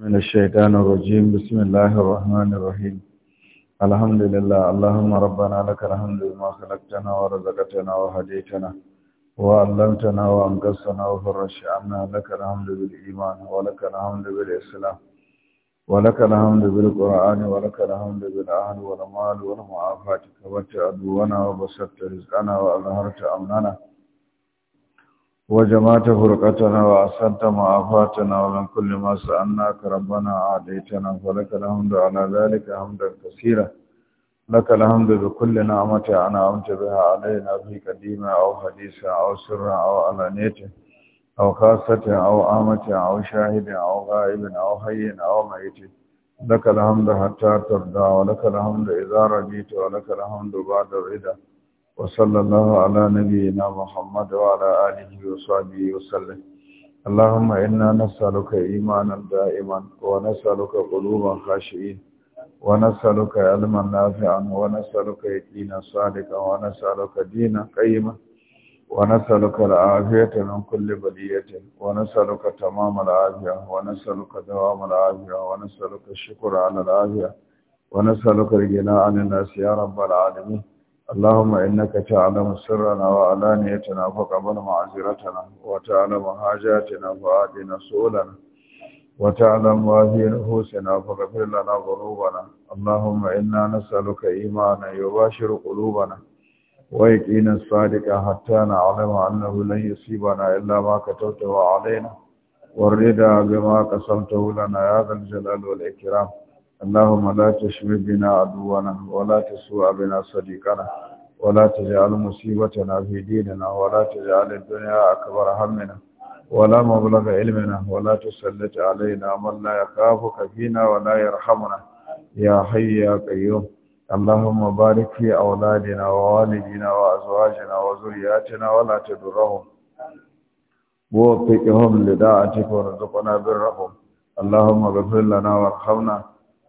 من الشيطان الرجيم بسم الله الرحمن الرحيم الحمد لله اللهم ربنا لك الحمد لما خلقتنا ورزقتنا وهديتنا وعلمتنا وانقصنا وفرجت عنا لك الحمد بالإيمان ولك الحمد بالإسلام ولك الحمد بالقرآن ولك الحمد بالأهل والمال والمعافاة كبرت عدونا وبسطت رزقنا وأظهرت أمننا وجمعت فرقتنا وأسنت معافاتنا ومن كل ما سألناك ربنا عاديتنا فلك الحمد على ذلك حمدا كثيرا لك الحمد بكل نعمة أنا أمت بها علينا في قديمة أو حديثة أو سرة أو علانية أو خاصة أو عامة أو شاهد أو غائب أو حي أو ميت لك الحمد حتى ترضى ولك الحمد إذا رجيت ولك الحمد بعد الرضا وصلى الله على نبينا محمد وعلى آله وصحبه وسلم اللهم إنا نسألك إيمانا دائما ونسألك قلوبا خاشئين ونسألك علما نافعا ونسألك يقينا صادقا ونسألك دينا قيما ونسألك العافية من كل بلية ونسألك تمام العافية ونسألك دوام العافية ونسألك الشكر على العافية ونسألك الغنى عن الناس يا رب العالمين اللهم إنك تعلم سرنا وعلانيتنا فقبل معذرتنا وتعلم حاجاتنا فآتنا سؤلنا وتعلم واهي نفوسنا فاغفر لنا ظنوبنا اللهم إنا نسألك إيمانا يباشر قلوبنا ويقينا صادقا حتى نعلم أنه لن يصيبنا إلا ما كتبته علينا والرضا بما قسمته لنا يا ذا الجلال والإكرام اللهم لا تشمل بنا عدونا ولا تسوء بنا صديقنا ولا تجعل مصيبتنا في ديننا ولا تجعل الدنيا أكبر همنا ولا مبلغ علمنا ولا تسلط علينا من لا يخافك فينا ولا يرحمنا يا حي يا قيوم اللهم بارك في أولادنا ووالدنا وأزواجنا وذرياتنا ولا تدرهم ووفقهم لداعتك وارزقنا برهم اللهم اغفر لنا وارحمنا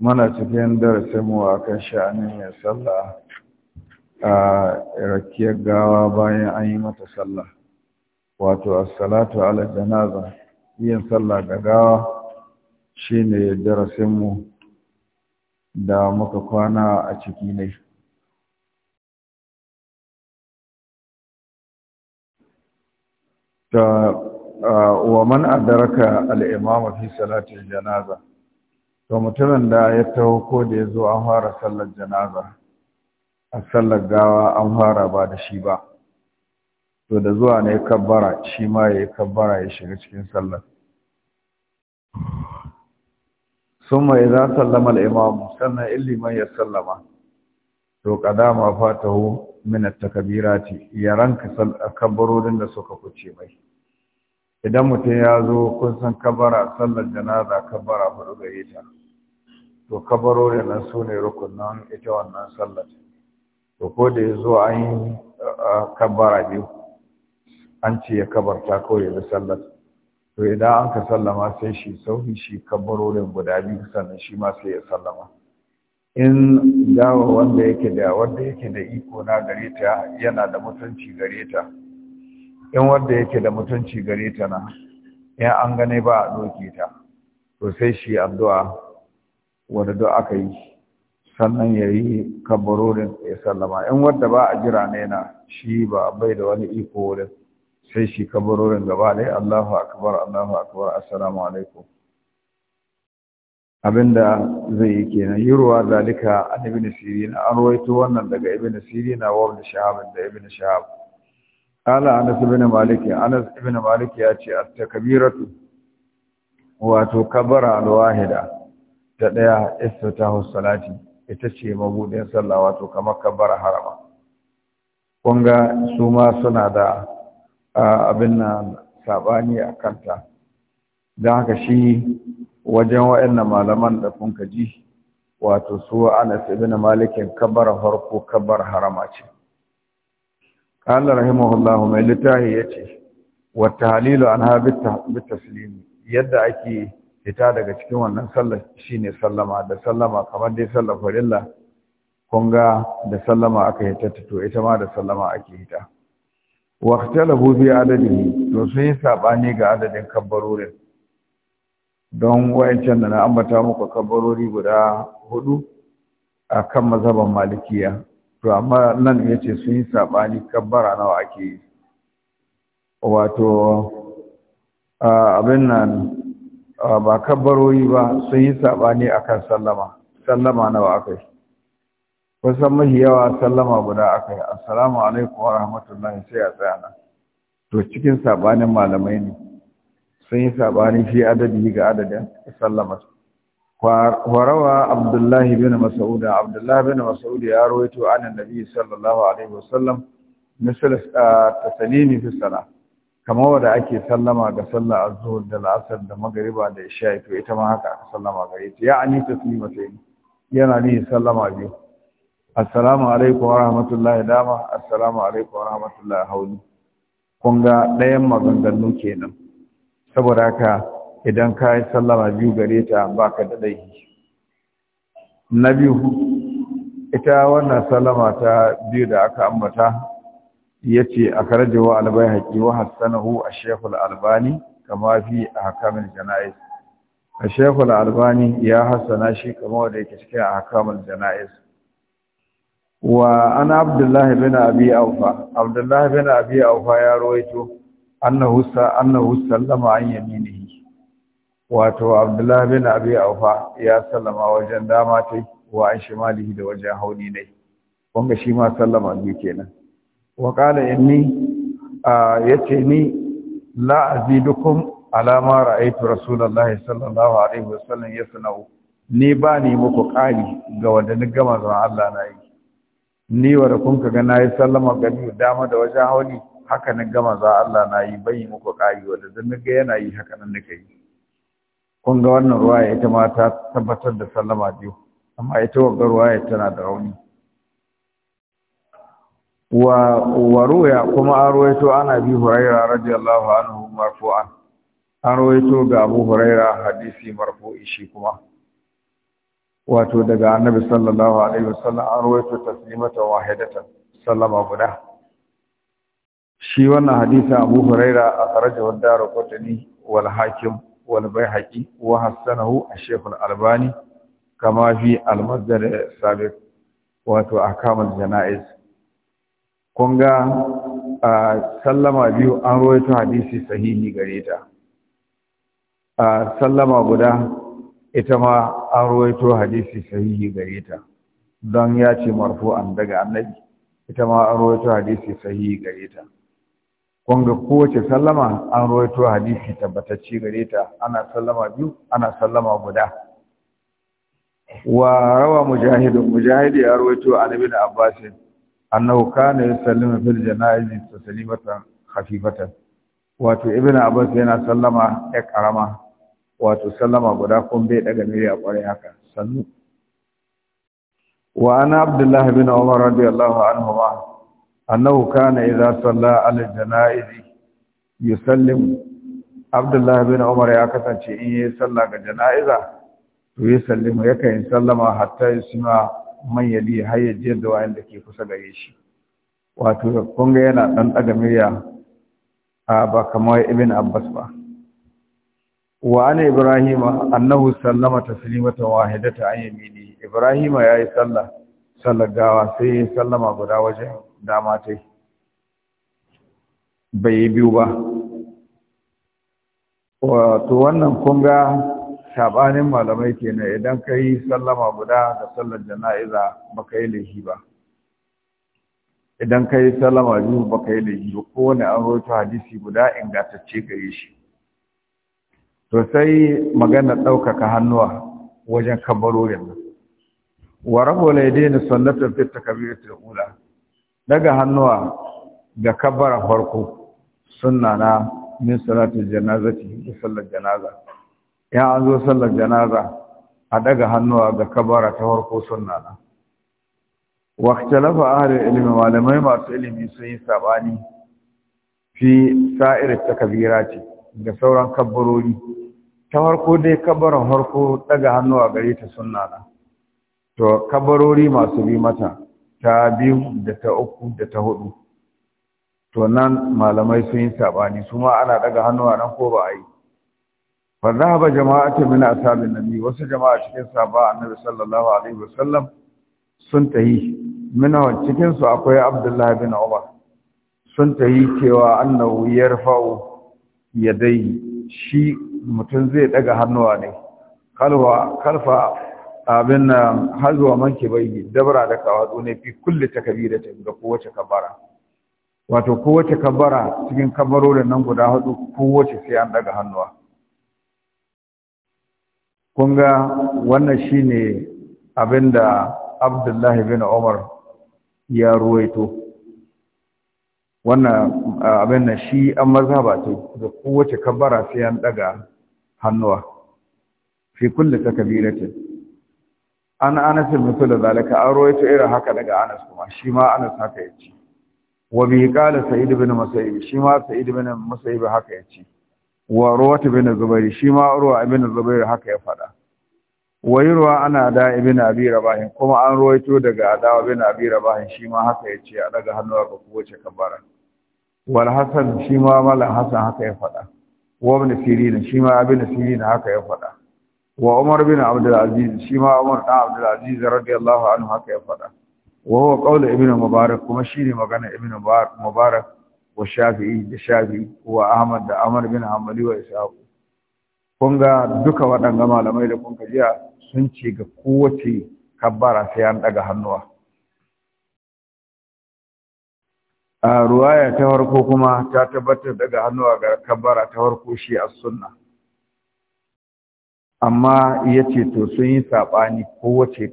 muna cikin darasinmu a kan sha'anin ya sallah a rakiyar gawa bayan an yi mata sallah wato assalatu ala janaza yin sallah ga gawa shine darasinmu da muka kwana a ciki ne ta wa man adaraka al fi salatin janaza to mutumin da ya taho ko da ya zo an fara sallar janaza a sallar gawa an fara ba da shi ba to da zuwa ne kabbara shi ma ya yi kabbara ya shiga cikin sallar summa za sallama sallamar sannan illiman ya sallama to kadama fatahu min ce, takbirati ya ranka kabbarorin da suka kuce mai idan mutum ya zo kun san kabara sallar janaza kabara hudu gare ta to kabaro da nan su ne rukunan ita wannan sallar to ko da ya zo an yi kabara biyu an ce ya kabarta kawai da sallar to idan an ka sallama sai shi sauhi shi kabarorin guda biyu sannan shi ma sai ya sallama in dawo wanda yake da wanda yake da iko na gare yana da mutunci gareta. in wadda yake da mutunci gare ta na in an gane ba a doke ta to sai shi addu'a wadda duk aka yi sannan ya yi kabarorin ya sallama in wadda ba a jira ne na shi ba bai da wani iko wurin sai shi kabarorin gaba ɗaya Allahu akbar Allahu akbar assalamu alaikum abinda zai yi kenan ruwa zalika an ibn sirina an ruwaito wannan daga ibn sirina wa ibn shahab da ibn shahab ala anas ibn anas ibn maliki ya ce at-takbiratu wato kabara al-wahida ta daya istitahu salati ita ce mabudin sallah wato kamar kabara harama kunga su ma suna da abin nan sabani a kanta don haka shi wajen wayannan malaman da kun ji wato su anas ibn malikin Kabara farko kabar harama ce قال رحمه mai ما لتاهي يتي والتحليل عنها بالتسليم taslim yadda ake fita daga cikin wannan sallah shine sallama da sallama kamar dai sallar farilla kun ga da sallama aka ta to ita ma da sallama ake hita. ta waqtalahu fi adadihi to sun sabani ga adadin kabbarorin don wayancan da na ambata muku kabbarori guda hudu akan kan mazhaban malikiya to amma nan ya ce sun yi saɓani kabbara nawa ake yi wato abin nan ba kabbaroyi ba sun yi saɓani akan sallama sallama nawa aka yi kusan mahi yawa sallama guda aka yi assalamu alaikum wa rahmatullahi sai a tsaya nan to cikin saɓanin malamai ne sun yi saɓani fi adadi ga adadin sallama warawa abdullahi bin mas'ud abdullahi bin mas'ud ya rawaito anan nabi sallallahu alaihi wasallam misal ah, tasalimi fi salat kamar wanda ake sallama ga sallar azhur da la'asar da magariba da isha to ita ma haka aka sallama gare ta ya'ani taslima ta yana ni sallama biyu assalamu alaikum wa rahmatullahi dama assalamu alaikum wa rahmatullahi hauni kun ga ɗayan maganganu kenan saboda haka idan ka yi sallama biyu gare ta ba da laifi na biyu ita wannan sallama ta biyu da aka ambata ya ce al-bayhaqi wa wa Hassanahu a shekul albani kama fi a hakamin jana'is a shekul albani ya Hassana shi kama wanda yake cikin a hakamin jana'is wa an abdullah bin abi aufa abdullah bin abi aufa ya rawaito annahu sa annahu sallama an yaminihi wato abdullahi bin abi aufa ya sallama wajen dama ta wa an shimalihi da wajen hauni ne wanga shi ma sallama biyu kenan wa qala inni yace ni la azidukum ala ma ra'aytu rasulullahi sallallahu alaihi wasallam yasna'u ni ba ni muku kali ga wanda ni gama zuwa Allah na yi ni da kun ga na yi sallama gani dama da wajen hauni haka ni gama zuwa Allah na yi bai muku kali wanda zan ga yana yi haka nan nake yi kun ga wannan ruwaya ita ma ta tabbatar da sallama biyu amma ita wagga ruwaya tana da rauni wa wa ruya kuma an ruwaito ana bi huraira radiyallahu anhu marfu'an an ruwaito ga abu huraira hadisi marfu'i shi kuma wato daga annabi sallallahu alaihi wasallam an ruwaito taslimata wahidata sallama guda shi wannan hadisi abu a akhrajahu ad-darqutni wal hakim wal bayhaqi wa hasanahu ash-shaykh al-albani kama fi al wato ahkam al-janaiz kun ga sallama biyu an rawaito hadisi sahihi gare ta sallama guda ita ma an rawaito hadisi sahihi gareta, ta don ya ce marfu'an annabi ita ma an rawaito hadisi sahihi gareta. kun ga kowace sallama an rawaito hadisi tabbatacce gare ta ana sallama biyu ana sallama guda wa rawa mujahid mujahid ya rawaito an da abbasin annahu kana yusallimu fil janaiz taslimatan khafifatan wato ibnu abbas yana sallama ya karama wato sallama guda kun bai daga a kwarai haka sannu wa ana abdullahi bin umar radiyallahu anhu annahu kana idza salla ala janaizi yusallim abdullah bin umar ya kasance in yi salla ga janaiza to ya sallama yi sallama hatta yusma man yali hayyaje da wanda ke kusa gare shi wato kun yana dan daga miya. a ba kamar ibn abbas ba wa ana ibrahima annahu sallama taslimatan wahidatan an ibrahima yayi sallah sallar gawa sai sallama guda wajen dama ta yi bai yi biyu ba wato wannan kunga shabanin malamai kenan idan ka yi sallama guda da sallar jana'iza baka yi laifi ba idan ka yi sallama biyu baka yi laifi ba kowane an roto hadisi guda ingantacce yi shi to sai magana ɗaukaka hannuwa wajen kabarorin nan wa rabu laidai na sunnatar fitta kabiratul ula daga hannuwa ga kabara farko sunna na min salatul janazati da sallar janaza ya an zo sallar janaza a daga hannuwa ga kabara ta farko sunna na lafa a ahli ilmi malamai masu ilimi sun yi sabani fi sa'ir ce, da sauran kabarori ta farko dai kabbaran farko daga hannuwa gare ta sunna na to kabarori masu bi mata ta biyu da ta uku da ta hudu to nan malamai sun yi sabani su ma ana daga hannuwa nan ko ba a yi fa zahaba jama'atu min ashabin nabi wasu jama'a cikin sahaba annabi sallallahu alaihi wasallam sun tahi mina cikin su akwai abdullah bin umar sun tahi cewa annahu yarfa'u yadai shi mutum zai daga hannuwa ne kalwa, kalfa abin na hazuwa manke bai dabara da kawatsu ne fi kulle takabira ta da kowace kabara wato kowace kabara cikin kabarorin nan guda hudu kowace sai an daga hannuwa kun ga wannan shine abin da abdullahi bin umar ya ruwaito wannan abin na shi an maza ba ta da kowace kabara sai an daga hannuwa fi kulle takabiratin an anasin mutu da zalika an rawaito irin haka daga anas kuma shi ma anas haka ya ce. wa bi kala sa'id ibn musayyib shi ma sa'id ibn musayyib haka ya ce. wa rawat ibn zubair shi ma ruwa ibn zubair haka ya fada wa yurwa ana da ibn abi rabah kuma an rawaito daga da ibn abi rabah shi ma haka ya ce a daga hannuwa ga kowace kabara wal hasan shi ma malan hasan haka ya fada wa ibn sirin shi ma ibn sirin haka ya fada wa Umar bin Abdul Aziz shi ma Umar dan Abdul Aziz radiyallahu anhu haka ya faɗa wa huwa qawlu ibn Mubarak kuma shine magana ibn Mubarak wa Shafi'i da Shafi'i wa Ahmad da Umar bin Hanbali wa Ishaq kun ga duka waɗanga malamai da kun jiya sun ce ga kowace kabbara sai an daga hannuwa a ruwaya ta farko kuma ta tabbatar daga hannuwa ga kabbara ta farko shi as-sunnah amma ya ce to sun yi saɓani kowace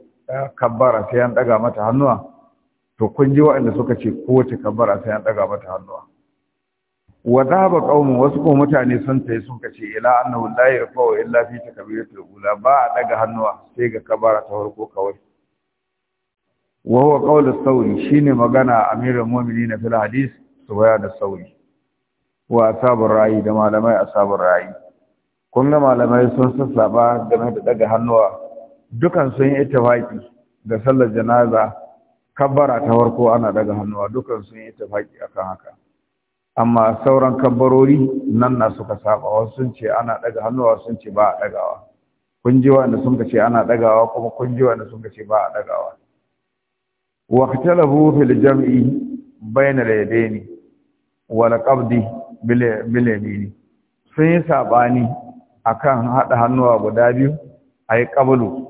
kabbara sai an ɗaga mata hannuwa to kun ji waɗanda suka ce kowace kabbara sai an ɗaga mata hannuwa wa dhaba qaumun wasu ko mutane sun tayi sun kace ila annahu la yarfa'u illa fi takbiratul ula ba a ɗaga hannuwa sai ga kabara ta farko kawai wa huwa qawlu sauri shine magana amirul mu'minin su baya da sauri wa asabur ra'i da malamai a asabur ra'i kun ga malamai sun sassaba game da daga hannuwa dukan sun yi faƙi da sallar janaza kabbara ta farko ana daga hannuwa dukan sun yi ittifaki akan haka amma sauran kabbarori nan na suka saba wasu sun ce ana daga hannuwa sun ce ba a dagawa kun ji wanda sun ce ana dagawa kuma kun ji wanda sun ce ba a dagawa waqtalabu fil jam'i bayna al-yadayn wal qabdi bil bil yamin sun yi sabani akan haɗa hannuwa guda biyu a yi ƙabalu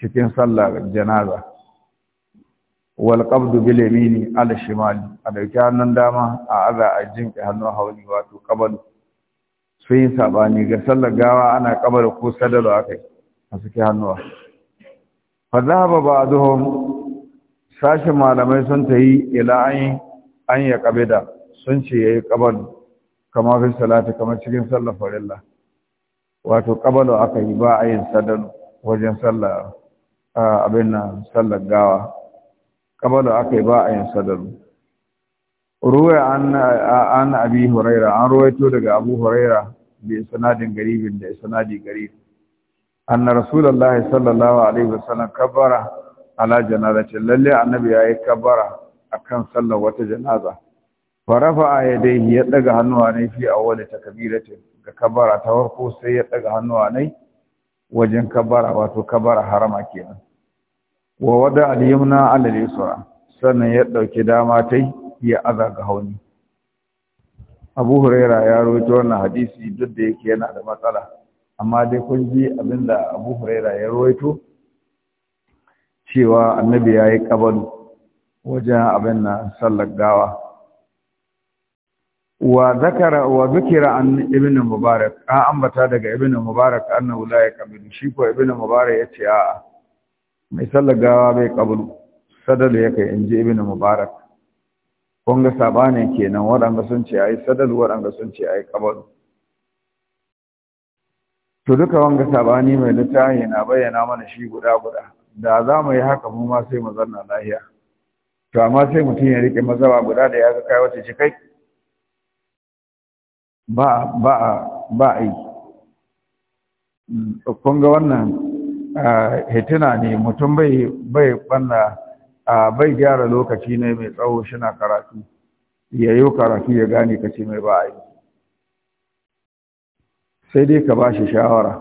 cikin sallar janaza wal qabdu bil yamini ala shimali a ɗauki hannun dama a aza a jinƙe hannun hauni wato ƙabalu sun yi saɓani ga sallar gawa ana ƙabalu ko sadalo akai a suke hannuwa fa zahaba ba'duhum Sashen malamai sun tayi ila an an ƙabida, sun ce yayi ƙabalu kamar fi salati kamar cikin sallar farilla wato kabalo aka yi ba a yin sadalu wajen sallah abin nan sallar gawa kabalo aka yi ba a yin sadalu ruwa an abi huraira an ruwaito daga abu huraira bi sanadin garibin da sanadi garib anna rasulullahi sallallahu alaihi wasallam kabbara ala janazatin lalle annabi yayi kabbara akan sallar wata janaza farafa yadayhi ya daga hannuwa ne fi awwali takbiratin ga kabara ta farko sai ya daga hannuwa nai wajen kabara wato kabara harama kenan wa wada al-yumna ala al-yusra sannan ya dauki dama tai ya azaga ga hauni Abu Huraira ya rawaito wannan hadisi duk da yake yana da matsala amma dai kun ji abinda Abu Huraira ya rawaito cewa annabi yayi ƙabalu, wajen abin nan sallar gawa wa zakara wa zikira an ibn mubarak an ambata daga ibn mubarak annahu la yaqbilu shi ko ibn mubarak yace a mai sallagawa bai kabulu sadalu yake inji ibn mubarak kun ga sabane kenan wadanda sun ce ai sadalu wadanda sun ce ai kabulu to duka wanga sabani mai littafi na bayyana mana shi guda guda da za mu yi haka mu ma sai mu zanna lahiya to amma sai mutum ya rike mazaba guda da ya ga kai wata shi kai ba a yi kun wannan Hituna ne mutum bai bai gyara lokaci ne mai tsawo shina karatu ya yi karatu ya gane ka mai ba a yi sai dai ka ba shi shawara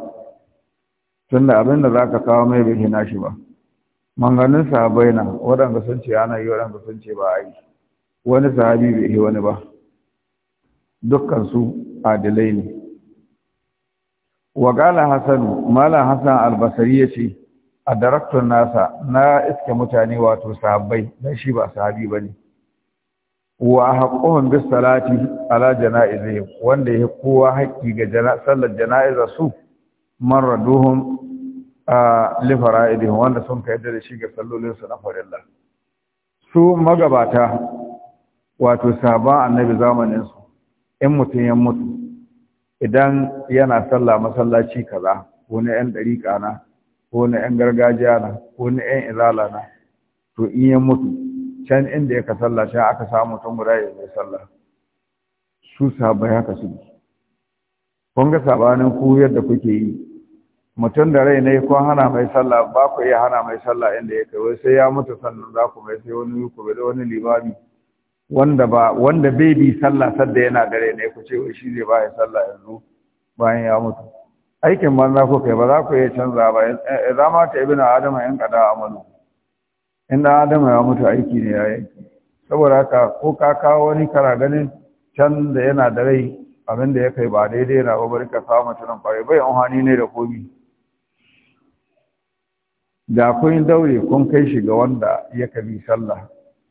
tunda abin da za ka kawo mai bai hina shi ba manganin sahabai na waɗanda sun ce ana yi waɗanda sun ce ba a yi wani sahabi bai yi wani ba dukkan su adalai ne wa gala hasanu mala hasan albasari yace adaraktun nasa na iske mutane wato sahabbai dan shi ba sahabi bane wa haqquhum bis salati ala janaizihim wanda ya kowa haƙƙi ga sallar janaiza su marraduhum li fara'idihim wanda sun kai da shi ga sallolin su na farilla su magabata wato sahaban annabi zamanin in mutum ya mutu idan yana sallah masallaci kaza ko na yan dariƙa na ko na yan gargajiya na ko na yan izala na to in ya mutu can inda ya ka sallah sai aka samu mutum guda ya mai sallah su sabai haka su kun ga sabanin ku yadda kuke yi mutum da rai ne ko hana mai sallah ba ku iya hana mai sallah inda ya kai wai sai ya mutu sannan za ku mai sai wani ku wani limami wanda ba wanda bai bi sallah sadda yana dare ne ku ce shi zai ba ya sallah yanzu bayan ya mutu aikin banza ku kai ba za ku iya canza ba eh, za ma ta ibina adama yan kada amalu in da adama ya mutu aiki ne ya yanki saboda haka ko ka kawo wani kara ganin can da yana da rai abin da ya kai ba daidai na ba bari ka kawo mutum kwarai bai amfani ne da komi da kun daure kun kai shi ga wanda ya kabi sallah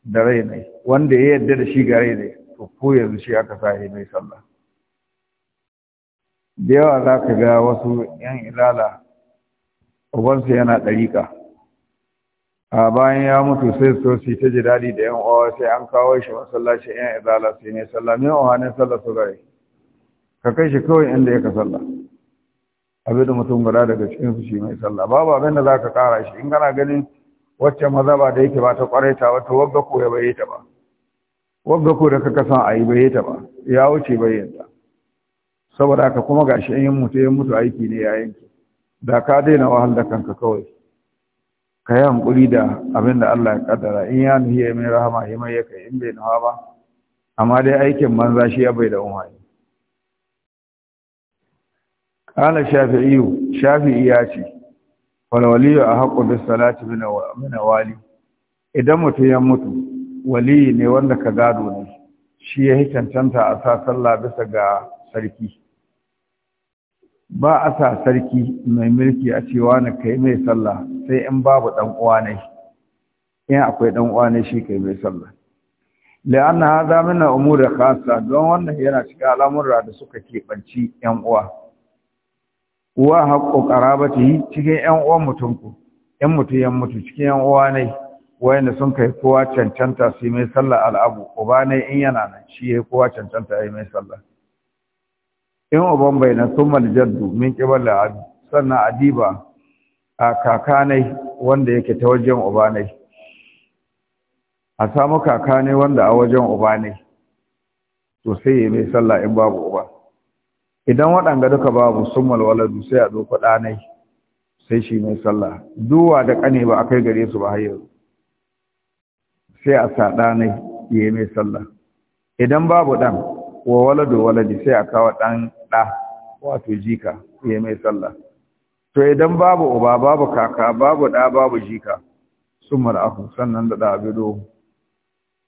da rai ne wanda ya yarda da shi ga rai ne to ko yanzu shi aka sahi mai sallah da yawa za ka ga wasu yan ilala ubansu yana ɗariƙa a bayan ya mutu sai so su ta ji daɗi da yan uwa sai an kawo shi masallaci yan ilala sai ne sallah ne uwa ne sallah su gare ka kai shi kawai inda ya ka sallah abin da mutum guda daga cikin su shi mai sallah babu abin da za ka kara shi in kana ganin wacce ba da yake ba ta kwaraita wata wagga ko ya bayyata ba wagga ko da kaka san ayi bayyata ba ya wuce bayyanta saboda haka kuma gashi in yi mutu ya mutu aiki ne ya yanke da ka daina wahal da kanka kawai ka yi hankuri da abin da Allah ya kaddara in ya nuhi ya mai rahama ya mai yaka in bai nawa ba amma dai aikin banza shi ya bai da umarni kala shafi'iyu shafi'i ya ce Wala waliyu haƙo bi salati min wali idan mutum ya mutu wali ne wanda ka gado ne shi ya cancanta a sa sallah bisa ga sarki ba a sa sarki mai mulki a cewa na kai mai sallah sai in babu dan uwa ne in akwai dan uwa ne shi kai mai sallah la'anna hadha min al-umuri khassa don wannan yana cikin al'amura da suka keɓanci yan uwa wa haqqu yi cikin ƴan uwan mutum ƴan mutum yan mutu cikin ƴan uwa ne wayanda sun kai kowa cancanta su mai sallah al'abu uba ne in yana nan shi ya kowa cancanta ya mai sallah in uban bai na sun maljaddu min ƙibar al'abi sannan adiba a kaka ne wanda yake ta wajen uba ne a samu kaka ne wanda a wajen uba ne to sai ya mai sallah in babu uba idan waɗanga duka babu sun walwaladu sai a ɗauka ɗanai sai shi mai sallah duwa da ƙane ba a kai gare su ba hayar sai a sa ɗanai ya yi mai sallah idan babu ɗan wa waladu waladi sai a kawo ɗan ɗa wato jika ya yi mai sallah to idan babu uba babu kaka babu ɗa babu jika sun mar'ahu sannan da ɗabi do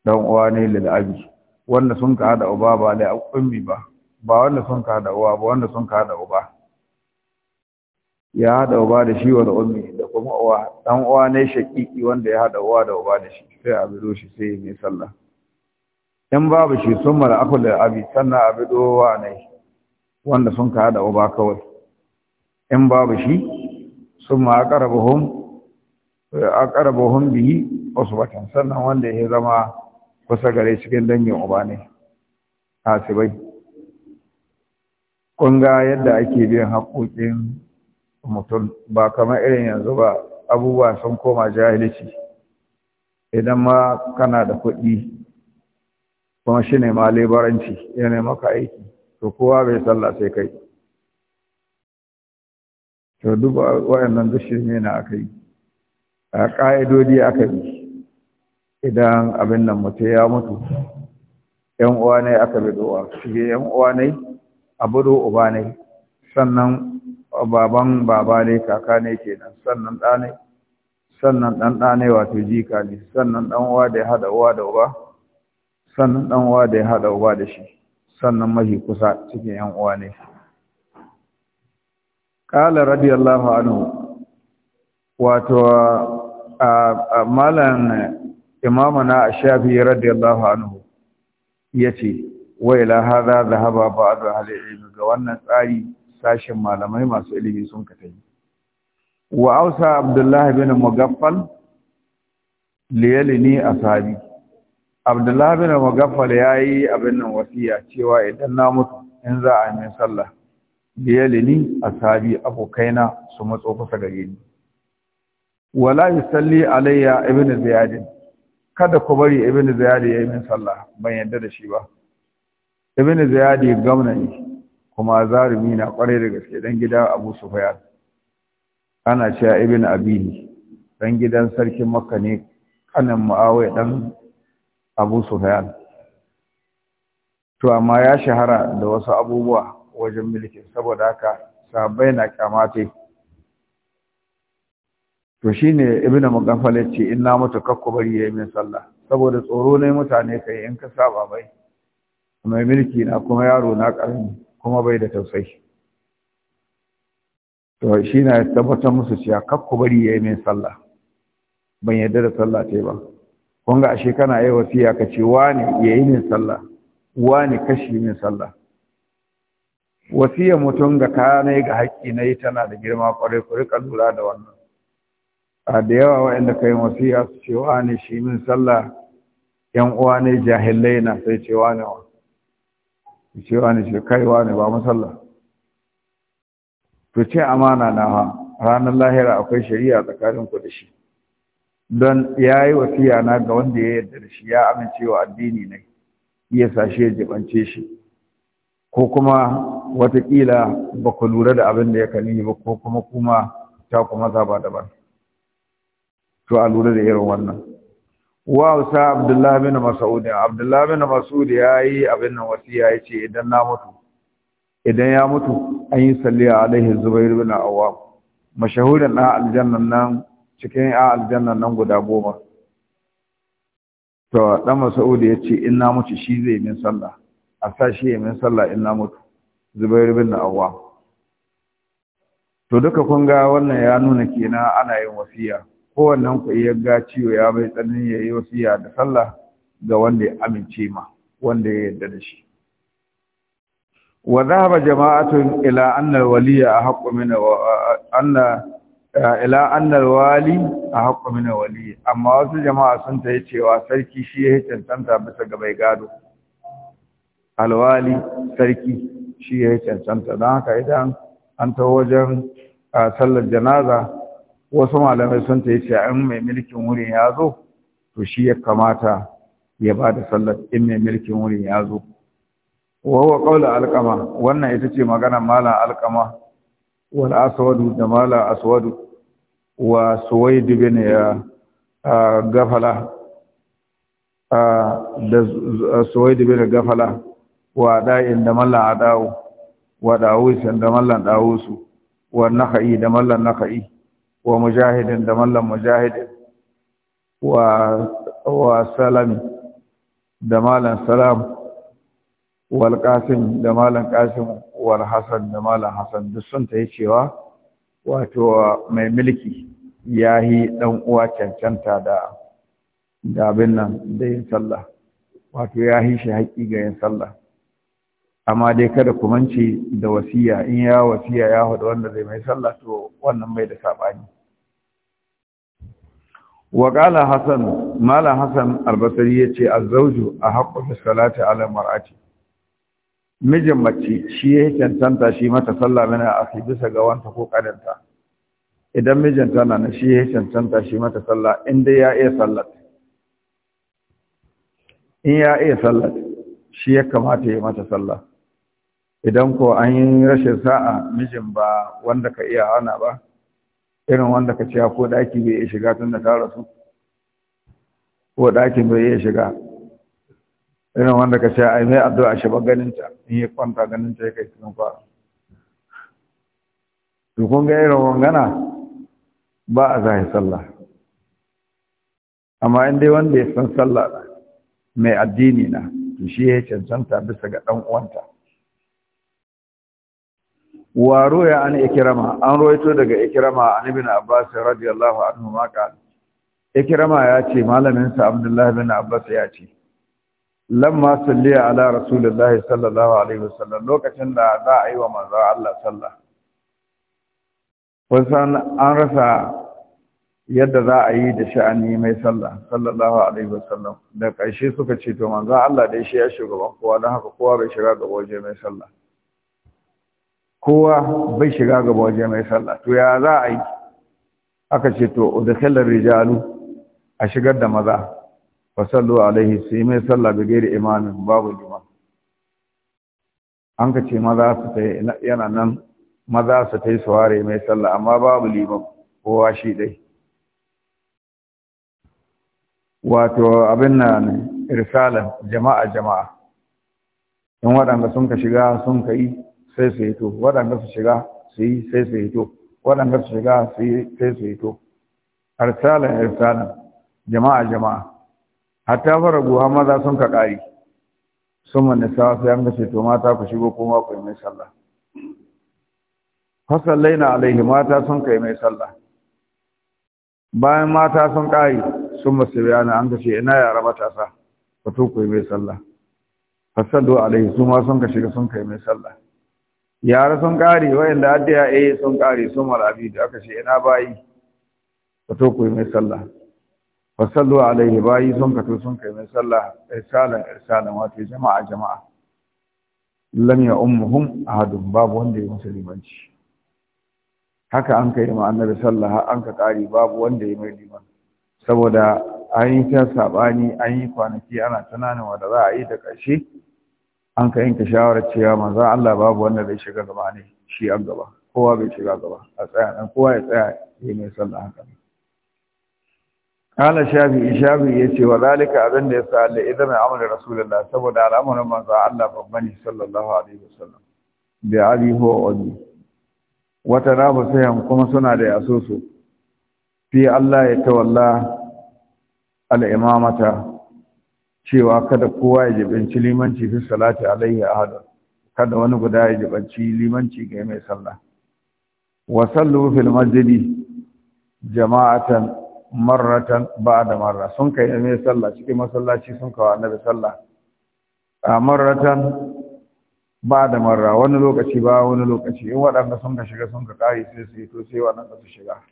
ɗan uwa ne lil'abi wanda sun ka haɗa uba ba da ummi ba ba wanda sun ka da uwa ba wanda sun ka da uba ya haɗa uba da shi wani ummi da kuma uwa ɗan uwa ne shakiki wanda ya haɗa uwa da uba da shi sai a bido shi sai mai sallah dan babu shi sun mara akul da abi sannan a bido wa ne wanda sun ka da uba kawai in babu shi sun ma aqrabuhum bihi usbatan sannan wanda ya zama kusa gare cikin dangin uba ne bai. kun ga yadda ake biyan haƙoƙin mutum ba kamar irin yanzu ba abubuwa sun koma jahilci idan ma kana da kuɗi kuma shi ne ma lebaranci yana maka aiki to kowa bai sallah sai kai to duk waɗannan duk shirme na aka yi a ƙa'idodi aka yi idan abin nan mutum ya mutu yan uwa ne aka bi dowa shige yan uwa ne abudu uba ne sannan baban baba ne kaka ne kenan sannan ɗa ne sannan ɗan ɗa ne wato jika ne sannan ɗan uwa da ya haɗa uwa da uba sannan ɗan uwa da ya haɗa uba da shi sannan mahi kusa cikin ‘yan uwa ne ƙala radiyallahu anhu wato a malan imamuna a shafi radiyallahu anhu ya ce wa ila hadha dhahaba ba'd ahli ilmi ga wannan tsari sashin malamai masu ilimi sun katai wa ausa abdullahi bin mugaffal liyalini asabi abdullahi bin mugaffal yayi abin nan wasiya cewa idan na mutu in za a yi sallah liyalini ashabi abokaina su matso kusa gare ni wala yusalli alayya ibnu ziyad kada ku bari ibnu ziyad ya min sallah ban yadda da shi ba ibn ziyadi gamna ne kuma zarumi na kwarai da gaske dan gida abu sufyan ana cewa ibn abihi dan gidan sarkin makka ne kanin muawiya dan abu sufyan to amma ya shahara da wasu abubuwa wajen mulki saboda haka sabai na kyamate to shine ibn mugaffal yace inna mutu yayin bari yayi min sallah saboda tsoro ne mutane kai in ka saba bai mai mulki na kuma yaro na ƙarni kuma bai da tausayi to shi na tabbatar musu cewa kakku bari ya yi min sallah ban yarda da sallah ce ba kun ga ashe kana yi wasiya ka ce ne ya yi min sallah wani kashi min sallah wasiyar mutum ga kaya ga haƙƙi na yi tana da girma ƙwarai ku rika lura da wannan a da yawa waɗanda ka yi wasiya su ce ne shi min sallah yan uwa ne jahilai na sai ce wani wa Cewa ne shi kaiwa ne ba masallah to ce amana na ha ranar lahira akwai shari'a tsakanin ku da shi don ya yi wasiya na ga wanda ya yarda da shi ya amincewa addini ne iya sashi ya jibance shi ko kuma watakila ba ku lura da abin da ya kani ba ko kuma kuma ta kuma zaba daban to a lura da irin wannan wa sa abdullahi bin mas'ud abdullahi bin mas'ud yayi abin nan wasiya yace idan na mutu idan ya mutu an yi salli alaihi zubair bin awwam mashahurin na aljannan nan cikin a aljannan nan guda goma to dan mas'ud yace in na mutu shi zai min sallah a sa shi min sallah in na mutu zubair bin awwam to duka kun ga wannan ya nuna kenan ana yin wasiya kowannen ku ya ga ciwo ya bai tsanani ya yi wasiya da sallah ga wanda ya amince ma wanda ya yarda da shi wa dhahaba jama'atun ila anna waliya ahqqu min anna ila anna wali ahqqu min wali amma wasu jama'a sun ta cewa sarki shi ya cancanta bisa ga bai gado alwali sarki shi ya cancanta don haka idan an ta wajen sallar janaza wasu malamai sun ta yace in mai mulkin wurin ya zo to shi ya kamata ya ba da sallar in mai mulkin wurin ya zo wa huwa qawlu alqama wannan ita ce magana malam alqama wal aswadu da malam aswadu wa suwaid bin ya gafala da suwaid bin gafala wa da'in da mallan adawu wa san da mallan su, wa nakhai da mallan nakhai wa mujahidin da mallan mujahidin wa salami da malan salam wal qasim da malan qasim wal hasan da malan hasan duk sun ta cewa wato mai mulki yahi dan uwa cancanta da da abin nan da yin sallah wato yahi shi haƙi ga yin sallah amma dai kada ku mance da wasiya in ya wasiya ya hudu wanda zai mai sallah to wannan bai da saɓani وقال حسن ما لا حسن البصري yace الزوج احق bis salati ala mar'ati mijin mace shi ya cancanta shi mata sallah mana ga wanta ko kadanta idan mijinta na na shi ya cancanta shi mata sallah inda ya iya sallat in ya iya sallat shi ya kamata ya mata sallah idan ko an yi rashin sa'a mijin ba wanda ka iya hana ba irin wanda ka ce ko ɗaki bai iya shiga tun da ta rasu ko ɗakin bai iya shiga irin wanda ka ce ai mai addu'a shi ba ganinta in yi kwanta ganinta ya kai tun fara to kun ga irin wangana ba a zahi sallah amma in dai wanda ya san sallah mai addini na to shi ya cancanta bisa ga ɗan uwanta waro ya an ikrama an roito daga ikrama an ibn abbas radiyallahu anhu ma Ikirama ikrama ya ce malamin sa abdullahi bin abbas ya ce lamma salli ala rasulullahi sallallahu alaihi wasallam lokacin da za a yi wa manzo Allah sallah kusan an rasa yadda za a yi da sha'ani mai sallah sallallahu alaihi wasallam da karshe suka ce to manzo Allah dai shi ya shugaban kowa don haka kowa bai shiga da waje mai sallah kowa bai shiga gaba waje mai sallah to ya za a yi aka ce to da sallar rijalu a shigar da maza wa sallu alaihi su yi mai sallah da gairi imanin babu liman an ka ce maza su ta yana nan maza su ta yi su mai sallah amma babu liman kowa shi dai wato abin na irsalan jama'a jama'a in waɗanda sun ka shiga sun ka yi sai su waɗanda su shiga su yi sai waɗanda su shiga su yi sai arsalan arsalan jama'a jama'a hatta fara guha maza sun ka ƙari sun manne sawa sai an gashe to mata ku shigo ko ma ku yi mai sallah fasallai na alaihi mata sun kai mai sallah bayan mata sun ƙari sun masu bayana an gashe ina yara matasa ku to ku yi mai sallah fasallu alaihi su ma sun ka shiga sun kai mai sallah yara sun kare wayanda hadda ya eh sun kare sun marabi da aka ce ina bayi to ku yi mai sallah fa sallu alaihi bayi sun kato sun kai mai sallah irsalan irsalan wato jama'a jama'a lam ya ummuhum ahadun babu wanda ya musu limanci haka an kai ma annabi sallah an ka kare babu wanda ya mai liman saboda an yi ta sabani an yi kwanaki ana tunanin wanda za a yi da ƙarshe an ka yanke shawarar cewa manzo Allah babu wanda zai shiga gaba ne shi an gaba kowa bai shiga gaba a tsaya dan kowa ya tsaya yi mai sallah haka Kala shafi shafi ya ce wa zalika abin da ya sa Allah idan mai amalin Rasulullah saboda al'amuran manzo Allah babban ne sallallahu alaihi wasallam bi abi ho abi wata rabu sayan kuma suna da yaso su fi Allah ya tawalla al'imamata cewa kada kowa ya jibinci limanci fi salati alaihi ahadun kada wani guda ya jibanci limanci ga mai sallah wa sallu fil masjidi jama'atan marratan ba'da marra sun kai mai sallah cikin masallaci sun kawo annabi sallah a marratan ba'da marra wani lokaci ba wani lokaci in waɗanda sun ka shiga sun ka kai sai su to sai waɗanda su shiga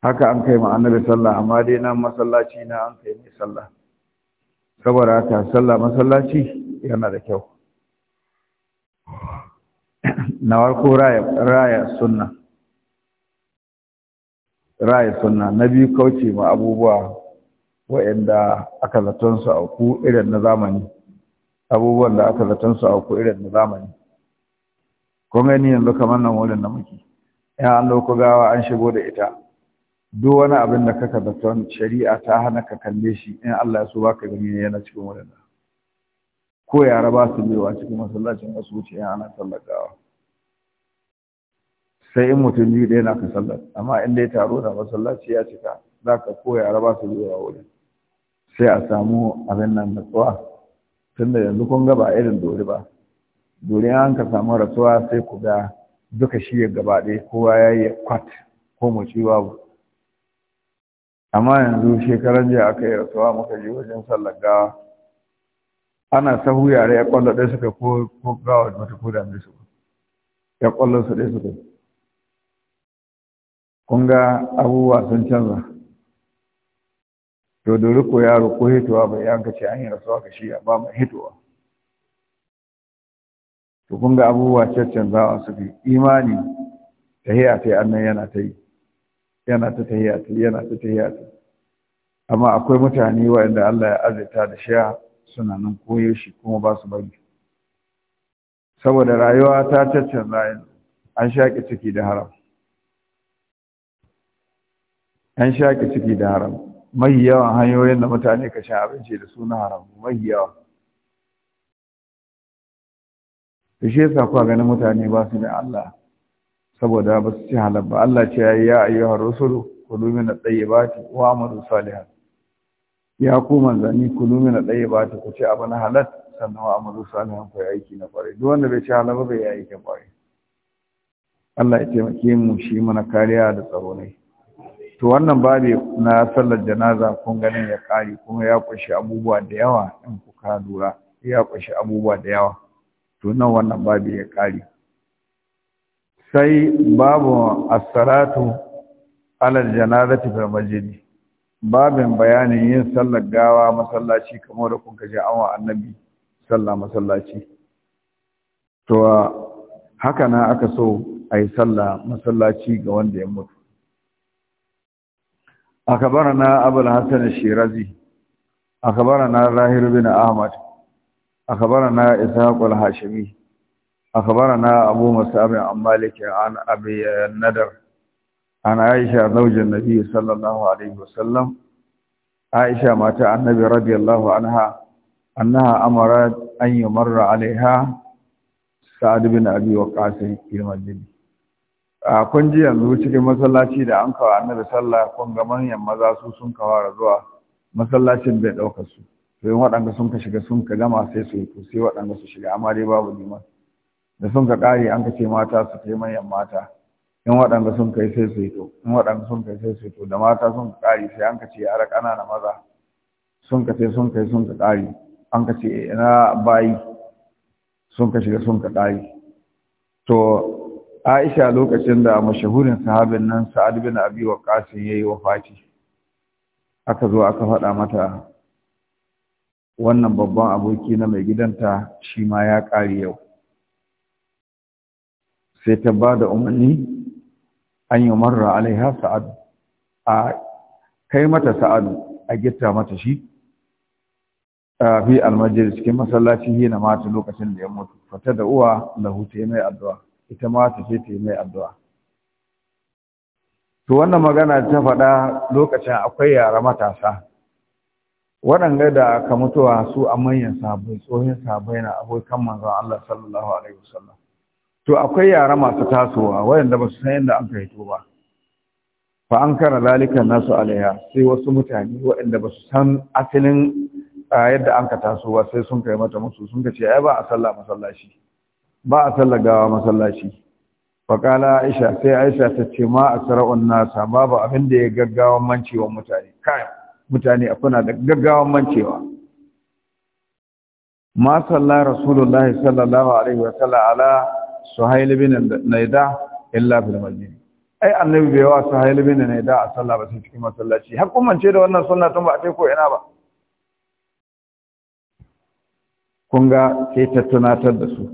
haka an kai ma annabi sallah amma dai nan masallaci na an kai mai sallah saboda ta sallah masallaci yana da kyau na warko raya sunna raya sunna na biyu kauce ma abubuwa waɗanda aka zaton su auku irin na zamani abubuwan da aka zaton su auku irin na zamani kun gani yanzu kamar nan wurin na muke ya an dauko gawa an shigo da ita duk wani abin da kaka zaton shari'a ta hana ka kalle shi in Allah ya so baka gani yana cikin wurin ko yara ba su cikin masallacin wasu wuce ana sallakawa sai in mutum biyu ɗaya na ka sallar amma in dai taro na masallaci ya cika za ka ko yara ba su wa wurin sai a samu abin nan natsuwa tunda yanzu kun ga ba irin dori ba dori an ka samu rasuwa sai ku ga duka shi ya gaba ɗaya kowa ya yi kwat ko mu babu amma yanzu shekaran jiya aka yi rasuwa muka yi wajen sallar gawa ana sahu yare ya kwallo ɗaya suka ko gawa mata ko da su ya kwallo su ɗaya suka kun ga abubuwa sun canza to dori ko yaro ko hitowa bai yanka ce an yi rasuwa ka shi ba mai hitowa to kun ga abubuwa canzawa fi imani ta hiya ta yi annan yana ta yi yana ta hiyata, yana ta hiyata, amma akwai mutane waɗanda Allah ya azurta da shi suna nan koyo shi kuma ba su bari saboda rayuwa ta caccanza rayu an shaƙi ciki da haram an shaƙi ciki da haram mai yawan hanyoyin da mutane ka sha abinci da suna haram mai yawa da shi yasa ganin mutane ba su da Allah saboda ba su ci halar ba Allah ce ya yi ya ayyuhar rusulu kulu min at-tayyibati wa amalu salihan ya ku Zani, kulu min at-tayyibati ku ci abu na halal sannan wa amalu salihan ku aiki na kwarai duk wanda bai ci halar ba bai yi aikin kwarai Allah ya taimake mu shi mana kariya da tsaro ne to wannan babi na sallar janaza kun ganin ya kare kuma ya ƙunshi abubuwa da yawa in kuka lura ya ƙunshi abubuwa da yawa to nan wannan babu ya kare sai babu as-salatu ala janazati fil masjid babin bayanin yin sallar gawa masallaci kamar da kun kaje awa annabi sallah masallaci to haka na aka so ayi sallah masallaci ga wanda ya mutu na shirazi akabara na zahir bin ahmad akabara na ishaq al-Hashimi. أخبرنا أبو مسامع عن مالك عن أبي الندر عن عائشة زوج النبي صلى الله عليه وسلم عائشة مات النبي رضي الله عنها أنها أمرت أن يمر عليها سعد بن أبي وقاص في المسجد a kun ji yanzu cikin masallaci da an kawo annabi sallah kun ga manyan maza su sun kawo zuwa masallacin bai ɗaukar su to yin waɗanda sun ka shiga sun ka gama sai su yi to sai waɗanda su shiga amma dai babu liman da sun ka ƙare an ce mata su kai manyan mata in waɗanda sun kai sai su yi to in waɗanda sun kai sai su yi to da mata sun ka ƙare sai an kace yara ƙanana maza sun ka ce sun kai sun ka ƙare an ce ina bayi sun ka shiga sun ka ƙare to Aisha lokacin da mashahurin sahabin nan Sa'ad bin Abi Waqqas yayi wafati aka zo aka faɗa mata wannan babban aboki na mai gidanta shi ma ya ƙare yau sai ta ba da umarni an yi marra alaiha sa'adu a kai mata sa'adu a gita mata shi a fi almajir cikin masallaci na mata lokacin da ya mutu fata da uwa lahu hutu yi mai addu'a ita mata ce ta yi mai addu'a to wannan magana ta faɗa lokacin akwai yara matasa waɗanda da aka mutuwa su a manyan sahabbai tsohon sahabbai na abokan manzon Allah sallallahu alaihi wasallam to akwai yara masu tasowa wayanda ba su san yadda an fahimto ba fa an kara lalika nasu alaiha sai wasu mutane wayanda ba su san asalin yadda an ka tasowa sai sun kai mata musu sun ka ce ai ba a sallah masallaci ba a sallah gawa masallaci fa kala aisha sai aisha ta ce ma asra'un nasa babu abin da ya gaggawa mancewa mutane kai mutane akuna da gaggawan mancewa ma sallah rasulullahi sallallahu alaihi wa sallam ala suhail bin naida illa fil masjid ai annabi bai wa suhail bin naida a sallah ba sai cikin masallaci har kun mance da wannan sunna tun ba a ko ina ba kun ga sai ta tunatar da su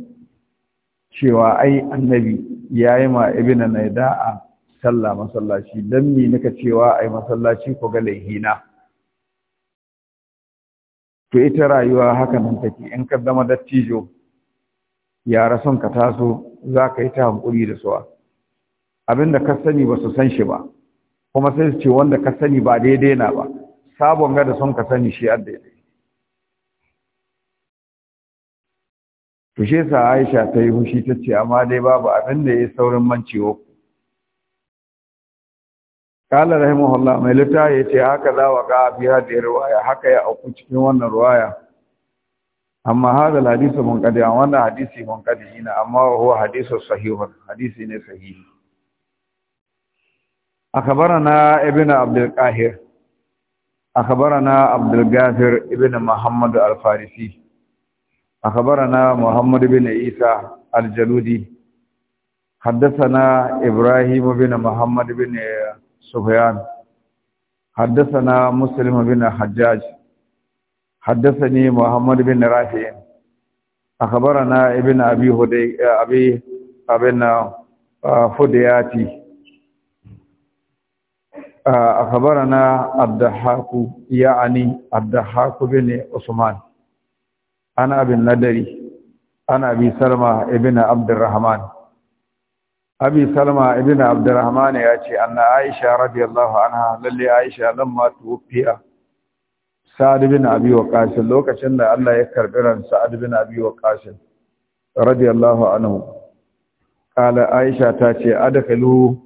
cewa ai annabi yayi ma ibn naida a sallah masallaci dan me nika cewa ai masallaci ko ga laihina to ita rayuwa haka nan take in ka zama dattijo yara son ka taso za ka yi ta hankuri da suwa abin da ka sani ba su san shi ba kuma sai su ce wanda ka sani ba daidai na ba sabon ga son ka sani shi yadda ya tushe sa Aisha ta yi hushi ta ce amma dai babu abin da ya saurin mancewa ku kala rahimahullah mai lita ya ce haka za wa ka da ya ruwaya haka ya auku cikin wannan ruwaya amma hada hadisi munqadi wannan hadisi munqadi ne amma huwa hadisun sahihun hadisi ne sahihi akhbarana ibnu abdul qahir akhbarana abdul gafir ibnu muhammad al farisi akhbarana muhammad ibn isa al jaludi haddathana ibrahim ibn muhammad ibn sufyan haddathana muslim ibn hajjaj حدثني محمد بن رافع اخبرنا ابن ابي هدي ابي ابن فدياتي اخبرنا عبد الضحاك يعني عبد الضحاك بن عثمان انا أبي الندري انا ابي سلمى ابن عبد الرحمن ابي سلمى ابن عبد الرحمن يأتي ان عائشه رضي الله عنها للي عائشه لما توفيت sa'ad bin abi ƙashin, lokacin da Allah ya karbi ran sa'ad bin abi ƙashin. radiyallahu anhu ƙala aisha ta ce adakalu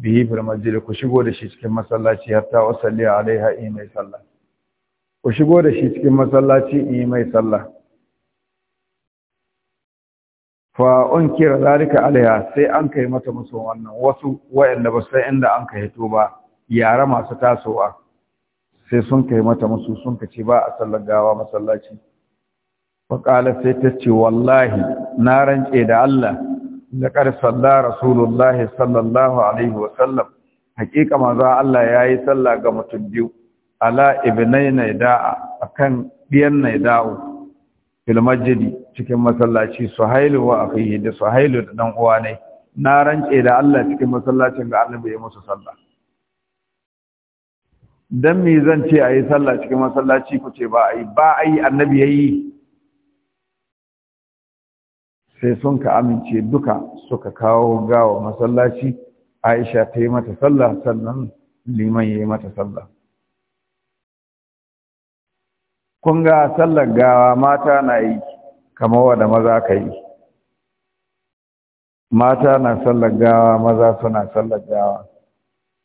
bihi fil ku shigo da shi cikin masallaci hatta wasalli alaiha in mai sallah ku shigo da shi cikin masallaci in mai sallah fa’on kira zarika alaiha sai an kai mata musu wannan wasu da ba sai inda an kai to ba yara masu tasowa sai sun kai mata musu sun ka ce ba a sallar gawa masallaci faƙala sai ta ce wallahi na rance da Allah da ƙarsalla rasulullahi sallallahu alaihi wasallam ma maza Allah ya yi sallah ga mutum biyu ala ibnai a kan ɗiyan naida'u fil masjidi cikin masallaci suhailu wa akhihi da suhailu da ɗan uwa ne na rance da Allah cikin masallacin ga annabi ya musu sallah dan me zan ce ayi sallah cikin masallaci ku ce ba ayi ba ayi annabi yayi sai sun ka amince duka suka kawo gawa masallaci Aisha ta yi mata sallah sannan liman ya yi mata sallah kun ga sallar gawa mata na yi kamar wadda maza ka yi mata na sallar gawa maza suna sallar gawa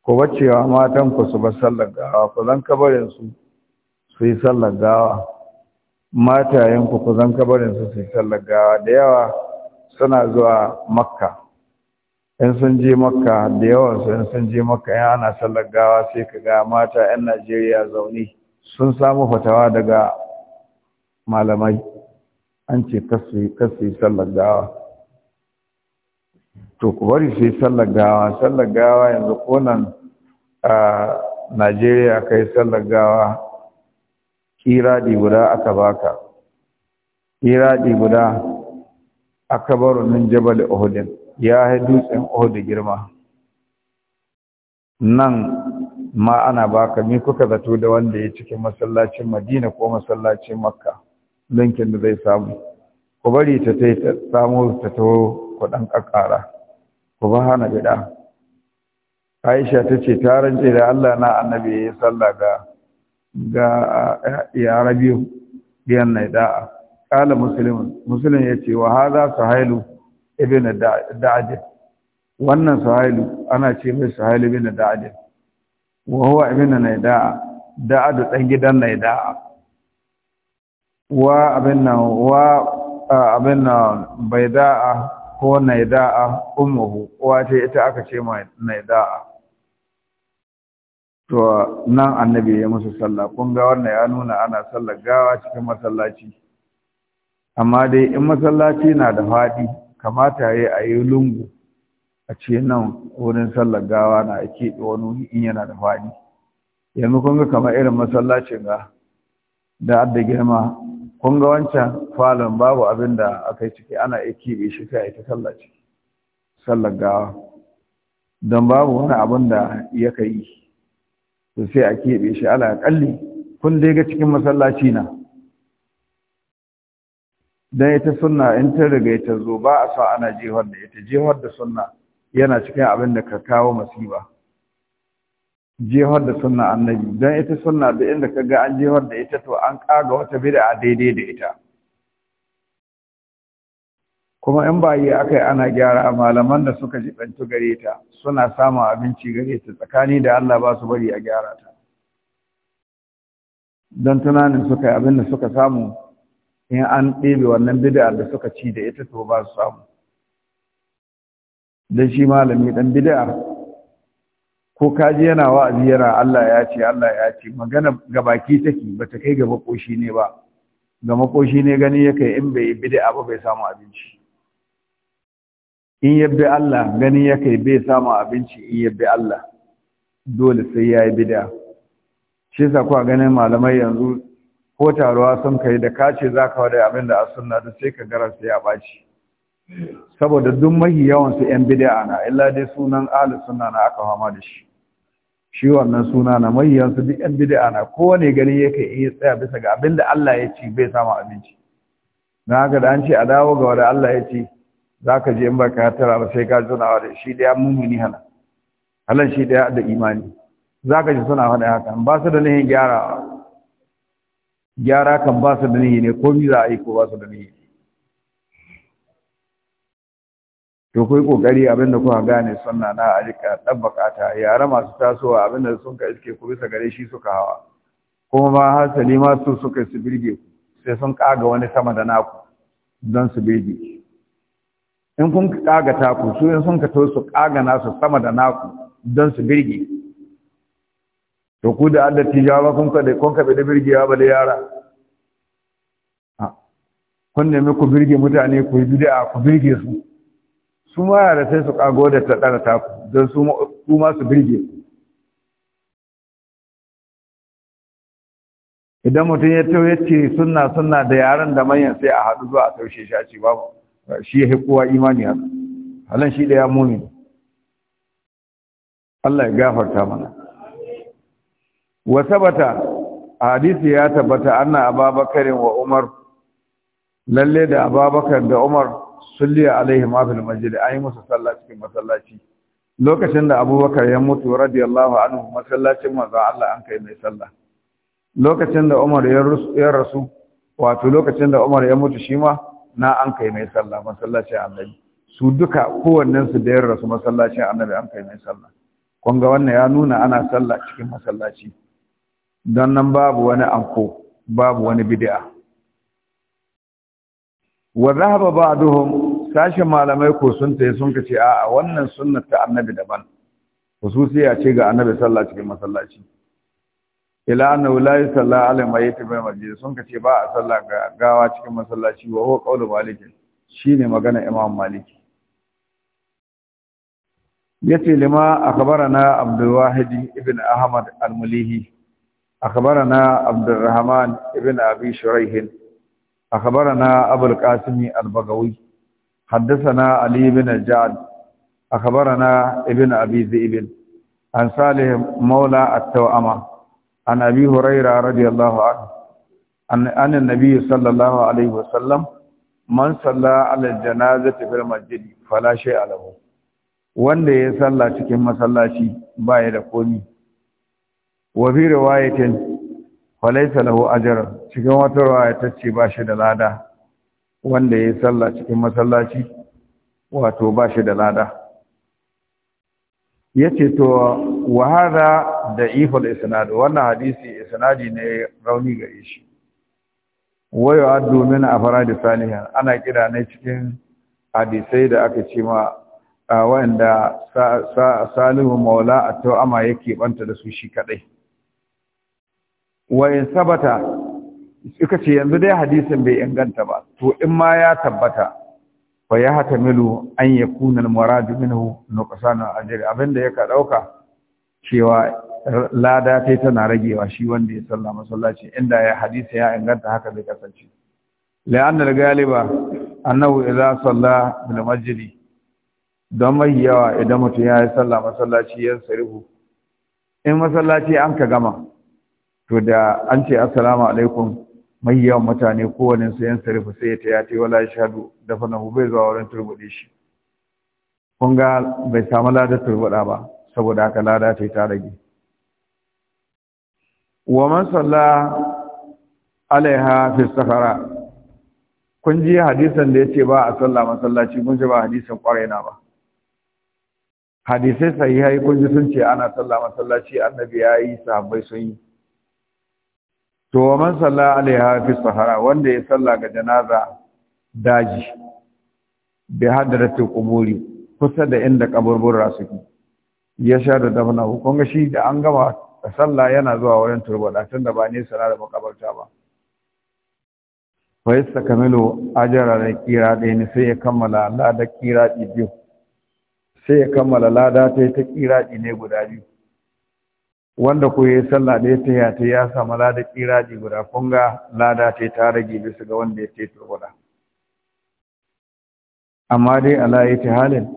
ku bacewa matan ku su bar sallar gawa ku zan kabarin su su yi sallar gawa matayen ku ku zan kabarin su su yi sallar gawa da yawa suna zuwa makka in sun je makka da yawansu su in sun je makka in ana sallar gawa sai ka ga mata yan najeriya zaune sun samu fatawa daga malamai an ce kasu yi sallar gawa to ku bari sai sallar gawa sallar gawa yanzu konan a najeriya ka yi sallar gawa kiradi guda aka baka kiradi guda aka baro min jabal uhudin ya yi dutsen uhud girma nan ma ana baka mi kuka zato da wanda ya cikin masallacin madina ko masallacin makka linkin da zai samu ku bari ta ta samu ta taho kudan kakara Subhana ba bida aisha ta ce ta rance da allah na annabi ya yi sallah ga ga yara biyu biyan na da'a kala musulmin musulmin ya ce wa haza sahailu ibn da'ajin wannan sahailu ana ce mai sahailu ibn da'ajin wa huwa ibn Da'a da dan gidan naida'a wa abin wa abin bai da'a. ko naida'a ummuhu uwa ta ita aka ce mai naida'a to nan annabi ya musu sallah kun ga wannan ya nuna ana sallar gawa cikin masallaci amma dai in masallaci na da faɗi kamata yayi ayi lungu a ce nan wurin sallar gawa na ake wani in yana da faɗi yanzu kun ga kamar irin masallacin ga da adda girma kun ga wancan falon babu abin da aka yi ciki ana iya kibe shi sai ta sallah ciki sallar gawa don babu wani abin da ya ka yi to sai a keɓe shi ala ƙalli kun dai ga cikin masallaci na don ita sunna in ta riga ta zo ba a sa ana jihar da ita jihar da sunna yana cikin abin da ka kawo masiba jihar da sunna annabi don ita sunna da inda ka ga an jihar da ita to an kaga wata bid'a daidai da ita kuma in ba yi akai ana gyara malaman da suka ji jibantu gare ta suna samun abinci gare ta tsakani da Allah ba su bari a gyara ta don tunanin suka yi abin da suka samu in an ɗebe wannan bid'a da suka ci da ita to ba su samu don shi malami ɗan bid'a ko kaji yana wa'azi yana Allah ya ce Allah ya ce magana ga baki take bata kai ga makoshi ne ba ga makoshi ne gani yake in bai bid'a ba bai samu abinci in yabbe Allah gani yake bai samu abinci in yabbe Allah dole sai ya yi bid'a shi yasa kuwa ganin malamai yanzu ko taruwa sun kai da kace zaka wada abin da a sunna da sai ka garasa ya baci saboda duk mahi yawansu su yan bid'a na illa dai sunan ahlus sunna na aka fama da shi shi wannan suna na mayyansu duk yan bid'a na kowane gani yake iya tsaya bisa ga abin da Allah ya ci bai samu abinci na haka da an ce a dawo ga wanda Allah ya ci, za ka je in ba ka tara ba sai ka tunawa da shi ɗaya mummuni hana halan shi ɗaya da imani za ka ji suna faɗa haka ba su da nihin gyara gyara kan ba su da nihi ne ko mi za a yi ko ba su da nihi to kai kokari abinda kuka gane sunna na a rika dan bakata yara masu tasowa abinda sun ka iske ku bisa gare shi suka hawa kuma ma hasali ma su suka su birge ku sai sun kaga wani sama da naku don su birge in kun kaga taku su in sun ka to su kaga nasu sama da naku don su birge to ku da adda tijawa kun ka da kun ka da birgewa ba da yara kun nemi ku birge mutane ku yi bid'a ku birge su su ma da sai su kago da ta ɗara ta don su ma su birge idan mutum ya tau ya ce suna suna da yaran da manyan sai a haɗu zuwa a taushe shi a ce babu shi ya kowa imani haka halin shi ɗaya muni Allah ya gafarta mana wa sabata hadisi ya tabbata anna ababakarin wa umar lalle da ababakar da umar sulliya alaihi ma fil masjid ayi musu sallah cikin masallaci lokacin da abubakar ya mutu radiyallahu anhu masallacin manzo Allah an kai mai sallah lokacin da umar ya rasu wato lokacin da umar ya mutu shi ma na an kai mai sallah masallacin annabi su duka kowannen su da ya rasu masallacin annabi an kai mai sallah kun ga wannan ya nuna ana sallah cikin masallaci don nan babu wani anko babu wani bid'a wa dhahaba ba'duhum sashen malamai ko sun tayi sun ce a'a wannan sunnar ta annabi daban hususiya ce ga annabi sallah cikin masallaci ila annahu la yusalla ala mayyit bai masjid sun ce ba a salla ga gawa cikin masallaci wa huwa qawlu malik shine magana imam malik yace lima akhbarana abdul wahid ibn ahmad al-mulihi akhbarana abdul rahman ibn abi shuraih akhbarana abul qasim al-bagawi حدثنا علي بن الجعد أخبرنا ابن أبي ذئب عن صالح مولى التوأمة عن أبي هريرة رضي الله عنه أن النبي صلى الله عليه وسلم man salla alal janazati fil masjid fala shay alahu wanda ya salla cikin masallaci baya da komi wa fi riwayatin falaysa lahu ajr cikin wata riwaya ce ba shi da lada wanda ya yi sallah cikin masallaci wato ba shi da lada ya ce to wahada da ifal isnad wannan hadisi isnadi ne rauni gare shi wayo addu min afradi salihan ana kira ne cikin hadisai da aka ce ma wanda salihu maula atto amma yake banta da su shi kadai wa in sabata suka ce yanzu dai hadisin bai inganta ba to in ma ya tabbata fa ya hatamilu an yakuna al-murad minhu nuqsanu ajri abinda ka dauka cewa lada sai tana ragewa shi wanda ya salla masallaci inda ya hadisi ya inganta haka zai kasance la'an al-galiba annahu idza salla bil masjid don mai yawa idan mutum ya yi salla masallaci ya sarihu in masallaci an ka gama to da an ce assalamu alaikum mai yawan mutane kowane su yan sarrafa sai ya taya ta wala shadu da fa nahu bai zuwa wurin turbuɗe shi kun ga bai samu lada turbuɗa ba saboda haka lada ta ta rage wa man salla alaiha fi safara kun ji hadisan da yace ba a sallah masallaci kun ji ba hadisan kwarai na ba hadisai sahihai kun ji sun ce ana sallah masallaci annabi yayi sahabbai sun yi to man salla alaiha fi sahara wanda ya salla ga janaza daji bi hadratil quburi kusa da inda kaburburra suke ya sha da dafna kun ga shi da an gama sallah yana zuwa wurin turbada da ba nesa da makabarta ba fa yastakmilu ajra da kira ne sai ya kammala lada kira biyu sai ya kammala lada ta ta kira ne guda biyu wanda ko ya sallah da ya taya ta ya samu lada kiradi guda kunga lada ta ta rage bisa ga wanda ya ce turbuda amma dai ala ya ce halin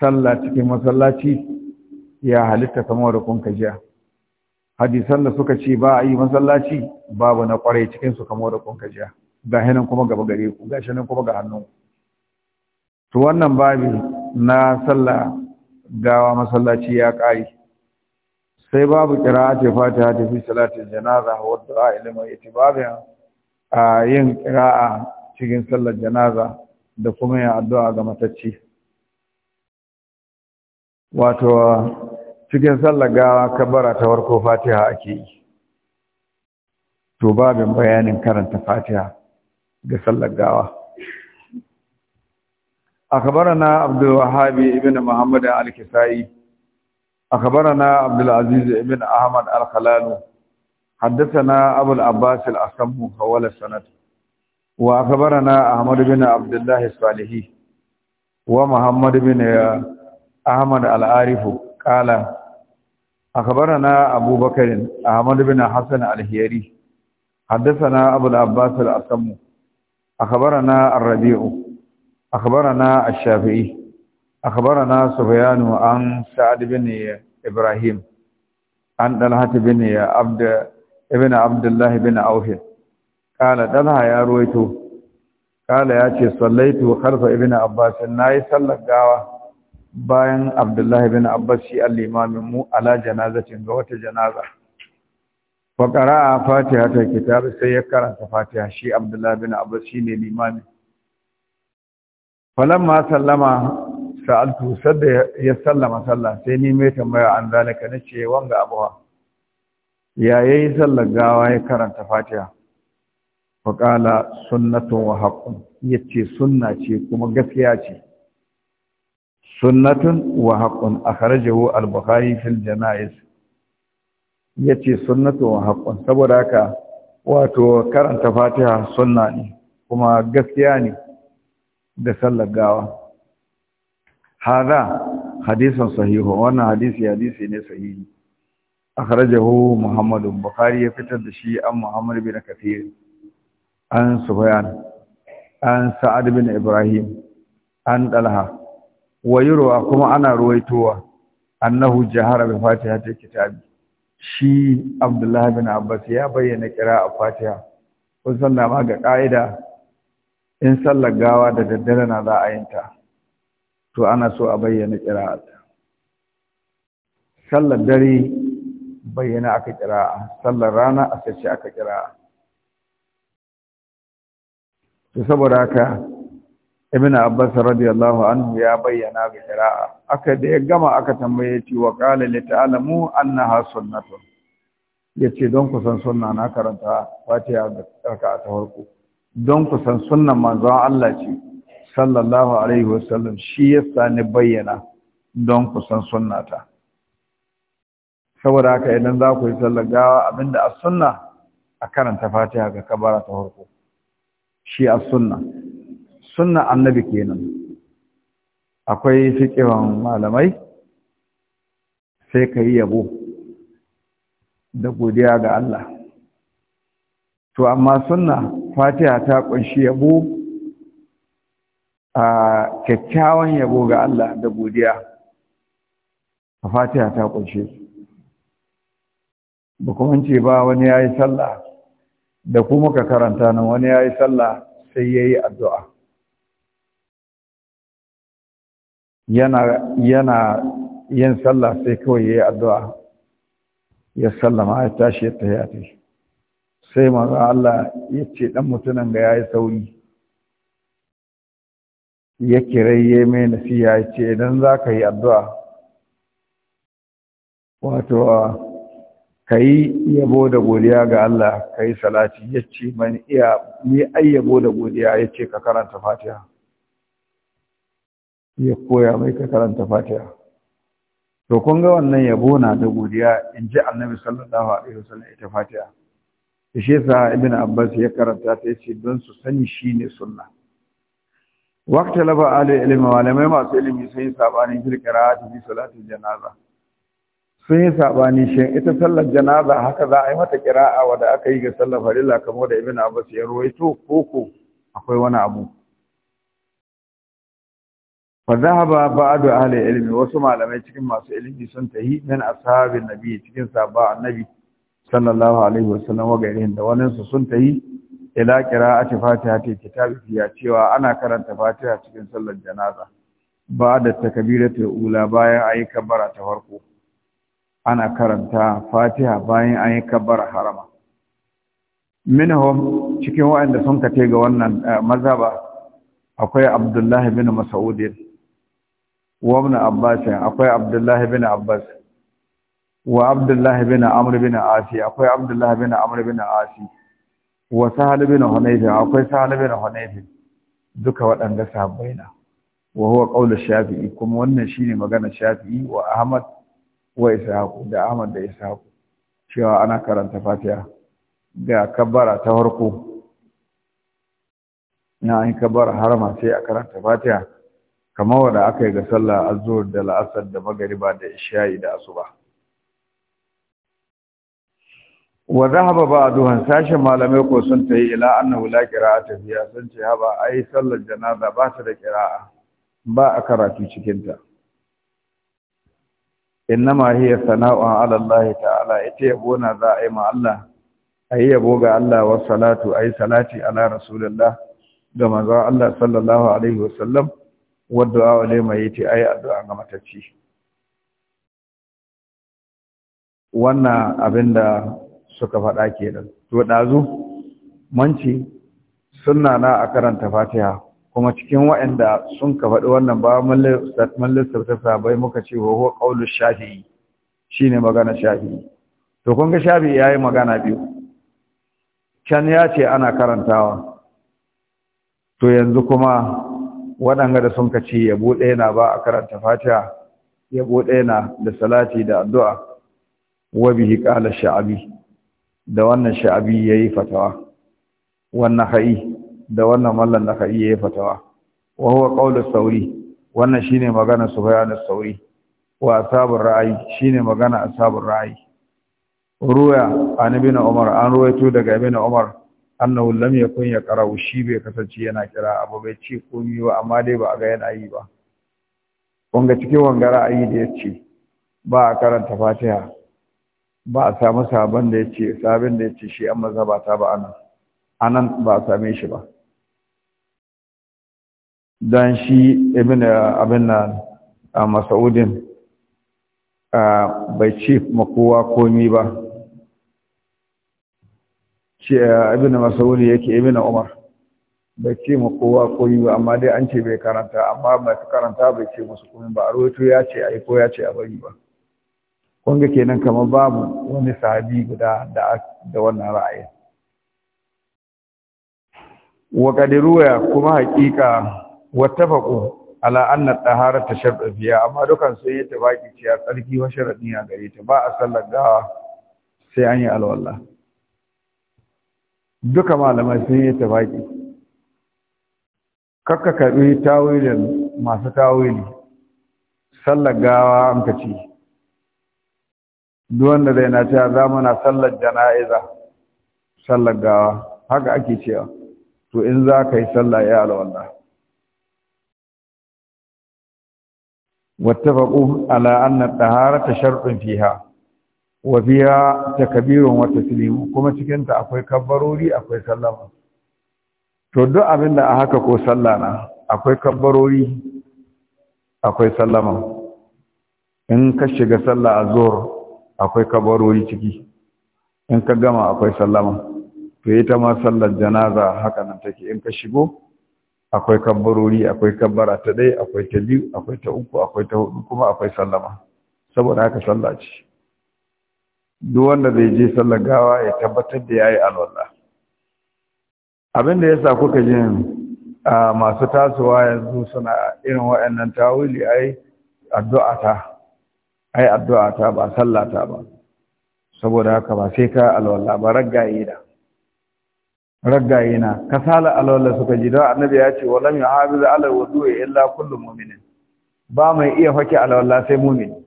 sallah cikin masallaci ya halitta kamar da kun ka jiya hadisan da suka ce ba a yi masallaci babu na kware cikin su kamar da kun ka jiya ga hinan kuma gaba gare ku ga shi kuma ga hannu. to wannan babi na sallah gawa masallaci ya kare sai babu qira'ati fatiha ta fi salatin janaza wa du'a ila mayyit babu a yin a cikin sallar janaza da kuma yin addu'a ga matacci wato cikin sallar gawa kabbara ta farko fatiha ake yi to babin bayanin karanta fatiha ga sallar gawa أخبرنا عبد الوهاب بن محمد الكسائي أخبرنا عبد العزيز بن أحمد الخلال حدثنا أبو العباس الأسم حول السنة وأخبرنا أحمد بن عبد الله الصالحي ومحمد بن أحمد العارف قال أخبرنا أبو بكر أحمد بن حسن الهيري حدثنا أبو العباس الأسم أخبرنا الربيع أخبرنا الشافعي أخبرنا سفيان عن سعد بن إبراهيم عن طلحة بن عبد ابن عبد الله بن عوف قال طلحة يا رويتو قال ce sallaitu kharfa ibn abbas nayi sallar gawa bayan abdullahi ibn abbas shi al-imamin mu ala janazatin ga wata janaza fa qara'a fatiha ta kitab sai ya karanta fatiha shi abdullahi ibn abbas shi ne limamin falamma sallama sa'altu sadda ya sallama sallah sai ni mai tambaya an zalika ce wanga abuwa ya yayi sallar gawa ya karanta Fatiya? faƙala sunnatun wa ya ce sunna ce kuma gaskiya ce sunnatun wa haqqun akhrajahu al-bukhari fil Ya ce sunnatun wa haqqun saboda haka wato karanta fatiha sunna ne kuma gaskiya ne da sallar gawa hadha hadisan sahihu wannan hadisi hadisi ne sahihi akhrajahu Muhammad Bukhari ya fitar da shi an Muhammad bin Kathir an Sufyan an Sa'ad bin Ibrahim an Dalha wa kuma ana ruwaitowa annahu jahara bi fatihatil kitabi shi Abdullah bin Abbas ya bayyana kira a Fatiha kun san da ga ƙa'ida. in sallar gawa da daddare na za a yinta to ana so a bayyana kiraa sallar dare bayyana aka ƙira'a sallar rana a sace aka ƙira'a to saboda haka ibn abbas radiyallahu anhu ya bayyana ga kiraa aka da ya gama aka tambaye ci wa qala li ta'lamu annaha yace don ku san sunna na karanta fatiha da ga ta farko don ku san sunnan manzon Allah ce sallallahu alaihi wasallam shi ya sani bayyana don ku san sunnata saboda haka idan za ku yi sallar gawa abinda a sunna a karanta fatiha ga kabara ta farko shi a sunna sunna annabi kenan akwai fiƙiran malamai sai ka yi yabo da godiya ga Allah to amma sunna fatiha ta kunshi yabo a kyakkyawan yabo ga Allah da godiya a fatiha ta ƙunshe su ba kuma ce ba wani ya yi sallah da kuma ka karanta nan wani ya yi sallah sai ya yi addu'a yana yin sallah sai kawai ya yi addu'a ya sallama ya tashi ya tafiya sai maza Allah ya ce ɗan mutunan ga ya yi sauri ya kirayye mai nasiya ya ce idan za ka yi addu'a wato ka yi yabo da godiya ga Allah ka yi salati ya ce mani iya ni yabo da godiya ya ce ka karanta fatiha ya koya mai ka karanta fatiha to kun ga wannan yabo na da godiya in ji annabi sallallahu alaihi wasallam ita fatiha shi yasa ibnu abbas ya karanta ta yace don su sani shine sunna wakta laba ahli ilmi malamai masu ilimi sun yi sabani kirkira a cikin salatin janaza sun yi sabani shi ita sallar janaza haka za a yi mata kira'a wanda aka yi ga sallar farilla kamar da ibn abbas ya ruwaito ko akwai wani abu fa dhahaba ba'du ahli ilmi wasu malamai cikin masu ilimi sun tahi min ashabin nabi cikin sahaba annabi sallallahu alaihi wasallam wa gairihin da wani su sun tahi ila qira'ati fatihati kitabi fiya cewa ana karanta fatiha cikin sallar janaza ba da takbiratul ula bayan ayi kabbara ta farko ana karanta fatiha bayan ayi kabbara harama minhum cikin waɗanda sun kace ga wannan eh, mazhaba akwai Abdullah ibn Mas'ud wa ibn Abbas akwai Abdullah ibn Abbas wa Abdullah ibn Amr ibn Asi akwai Abdullah ibn Amr ibn Asi wa sahal bin akwai sahal bin duka waɗanda sahabbai na wa huwa qaul shafi'i kuma wannan shine maganar shafi'i wa ahmad wa isaaku da ahmad da isaaku cewa ana karanta fatiha ga kabbara ta farko na yi kabbara harama sai a karanta fatiha kamar wanda aka yi ga sallah Azur, da la'asar da magariba da isha'i da asuba wa zahaba ba'duhum sashen malamai ko sun tayi ila annahu la qira'ata biya sun ce haba ai sallar janaza ba ta da qira'a ba a karatu cikin ta innama hiya sana'u ala Allah ta'ala ita yabo na za a yi ma Allah ayi yabo ga Allah wa salatu ayi salati ala rasulullah ga manzo Allah sallallahu alaihi wasallam wa du'a wa yiti ayi addu'a ga matacci wannan abinda suka faɗa kenan to ɗazu manci sunna na a karanta fatiha kuma cikin waɗanda sun ka faɗi wannan ba mun lissafta sabai muka ce wa huwa shafi shafi'i shine magana shafi'i to kun ga shafi'i yayi magana biyu can ya ce ana karantawa to yanzu kuma waɗanga da sun ka ce yabo ɗaya na ba a karanta fatiha yabo ɗaya na da salati da addu'a wa bihi qala sha'abi da wannan sha'abi ya yi fatawa wannan ha'i da wannan mallan da ha'i ya yi fatawa wa huwa sauri wannan shine magana sufyan sauri wa asabur ra'ayi shine magana asabur ra'ayi a Nabi na umar an ruwaito daga ibn umar annahu lam yakun yaqra'u shi bai kasance yana kira abu bai ce komai ba amma dai ba a ga yana yi ba wanga cikin wanga ra'ayi da yace ba a karanta fatiha ba a samu sabon da ya ce sabon da ya ce shi an mazhaba ta ba anan anan ba a same shi ba dan shi ibn abin nan a masaudin bai ce makowa komi ba shi da masaudi yake ibn umar bai ce makowa komi ba amma dai an ce bai karanta amma mai karanta bai ce musu komi ba a ya ce a yi ko ya ce a bari ba Kunga kenan kamar babu wani sahabi guda da da wannan ra'ayi wa kadiruya kuma hakika wattafaqu ala anna taharata shartu biya amma dukan sun yi tabaki cewa tsarki wa sharadi a gare ta ba a sallar gawa sai an yi alwala duka malamai sun yi tabaki kakka kabi tawilin masu tawili sallar gawa an ka ce duk wanda zai na cewa za muna sallar jana'iza sallar gawa haka ake cewa to in za ka yi sallah ya alwallah wattafaqu ala anna taharata shartun fiha wa fiha takbirun wa taslim kuma cikin ta akwai kabbarori akwai sallama to duk abin da a haka ko sallah na akwai kabbarori akwai sallama in ka shiga sallah azhur akwai kabarori ciki in ka gama akwai sallama to ita ma sallar janaza haka nan take in ka shigo akwai kabarori, akwai kabbara ta ɗaya akwai ta biyu akwai ta uku akwai ta hudu kuma akwai sallama saboda haka sallah ce duk wanda zai je sallar gawa ya tabbatar da yayi alwala abin da yasa kuka ji ah, masu tasowa yanzu suna irin waɗannan tawili ai addu'a ta ai addu'a ta ba sallah ta ba saboda haka ba sai ka alwala ba raggaye da raggaye na kasala alwala suka ji don annabi ya ce walam yuhafiz ala wudu'i illa kullu mu'minin ba mai iya hake alwala sai mu'mini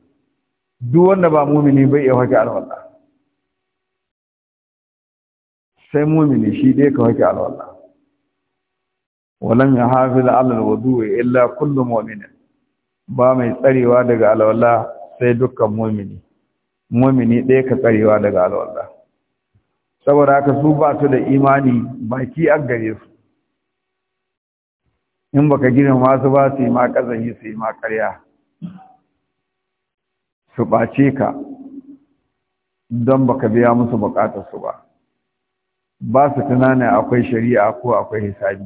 duk wanda ba mu'mini bai iya hake alwala sai mu'mini shi dai ka hake alwala walam yuhafiz ala wudu'i illa kullu mu'minin ba mai tsarewa daga alwala sai dukkan mumini mumini ɗaya ka tsarewa daga alwallah saboda haka su ba su da imani baki an gare su in baka gina masu ba su yi ma ƙazahi su yi ma ƙarya su ɓace ka don baka biya musu su ba ba su tunanin akwai shari'a ko akwai hisabi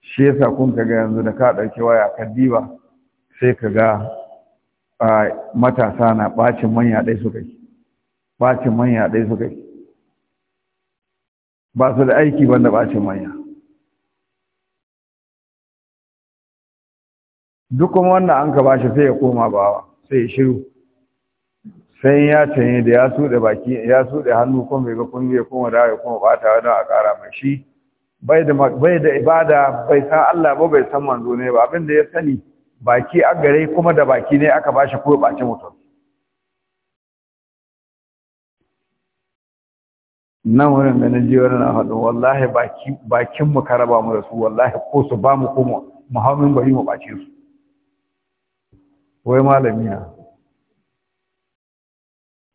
shi yasa kun ka ga yanzu da ka ɗauki waya ka diba sai ka ga matasa na ɓacin manya ɗai suka yi ɓacin manya ɗai suka yi ba su da aiki banda ɓacin manya duk kuma wanda an ka bashi sai ya koma bawa sai ya shiru sai ya canye da ya suɗe baki ya suɗe hannu kuma bai ga kungiya kuma da ya kuma bata wani a ƙara mai shi bai da ibada bai san Allah ba bai san manzo ne ba abinda ya sani baki a gare kuma da baki ne aka bashi ko ɓace mutum nan wurin da na je wani na haɗu wallahi bakin mu ka raba mu da su wallahi ko su ba mu ko mu bari mu ɓace su wai malami na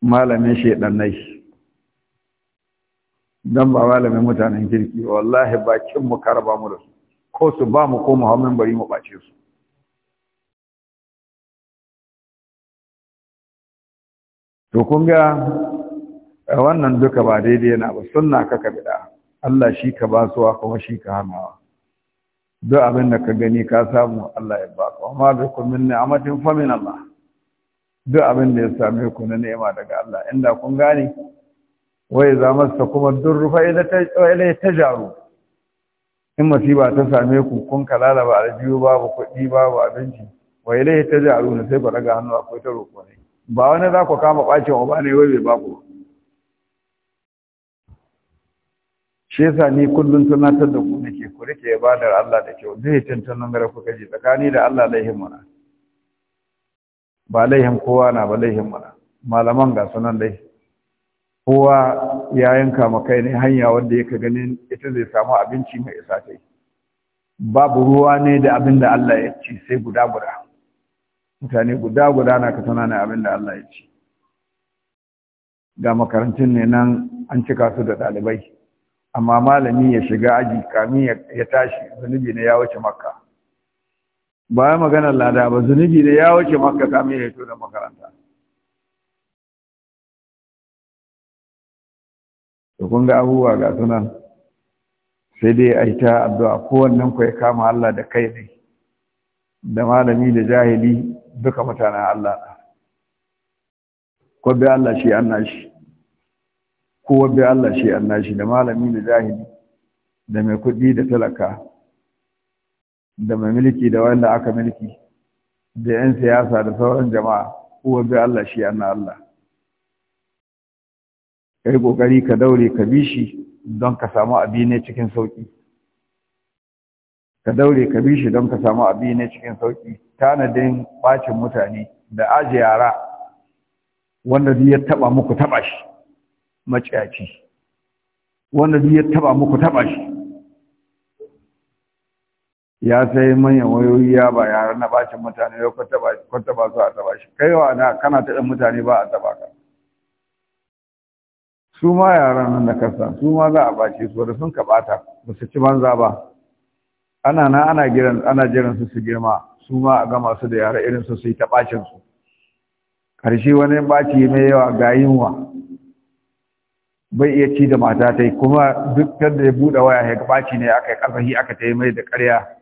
malamin shaidannai don ba malamin mutanen kirki wallahi bakin mu ka raba mu da su ko su ba mu ko mu bari mu ɓace su to kun ga eh, wannan duka ba daidai yana ba sunna ka bida Allah shi ka basuwa kuma shi ka hanawa duk abin da ka gani ka samu Allah ya baka amma bi kun min ni'amatin fa min Allah duk abin da ya same ku na ni'ima daga Allah inda kun gane wai za masa kuma durru fa ila tajaru in masiba ta same ku kun kalala ba aljihu babu kuɗi babu abinci wa ilaihi tajaru sai ku daga hannu akwai ta roƙo ne ba wani za ku kama ƙwacin uba ne wai bai baku shi yasa ni kullum tunatar da ku nake ku rike ibadar Allah da kyau zai tantan gara ku kaji tsakani da Allah laihin mana ba laihin kowa na ba laihin mana malaman ga sunan dai kowa ya yanka ma kai ne hanya wanda yake ganin ita zai samu abinci mai isa ta babu ruwa ne da abin da Allah ya ci sai guda guda mutane guda guda na ka ne abin da Allah ya ce ga makarantun ne nan an cika su da ɗalibai amma malami ya shiga aji kami ya tashi zunubi ne ya wuce makka ba maganar lada ba zunubi ne ya wuce makka kami ya fito da makaranta to kun ga abubuwa ga sunan sai dai a yi ta addu'a kowannen ku ya kama Allah da kai ne da malami da jahili duka mutanen Allah ko bi Allah shi annashi ko bi Allah shi annashi da malami da jahili da mai kuɗi da talaka da mai mulki da wanda aka mulki da 'yan siyasa da sauran jama'a kowa bi Allah shi na Allah kai kokari ka daure ka bi shi don ka samu abi ne cikin sauƙi. ka daure ka bi shi don ka samu abi ne cikin sauki tanadin bacin mutane da aje yara wanda zai taba muku taba shi maciyaci wanda zai taba muku taba shi ya sai manyan wayoyi ya ba yaran na bacin mutane ya kwata ba su a taba shi wa na kana taɗin mutane ba a taba ka su ma yaran nan da kasa su ma za a bace su da sun ka bata ba su ci banza ba ana na ana giran ana jiran su su girma su ma a gama su da yara irin su su ta bacin su karshe wani baci mai yawa ga yinwa bai iya ci da mata ta yi. kuma duk da ya buɗe waya ya baci ne aka yi ƙarfahi aka ta yi mai da ƙarya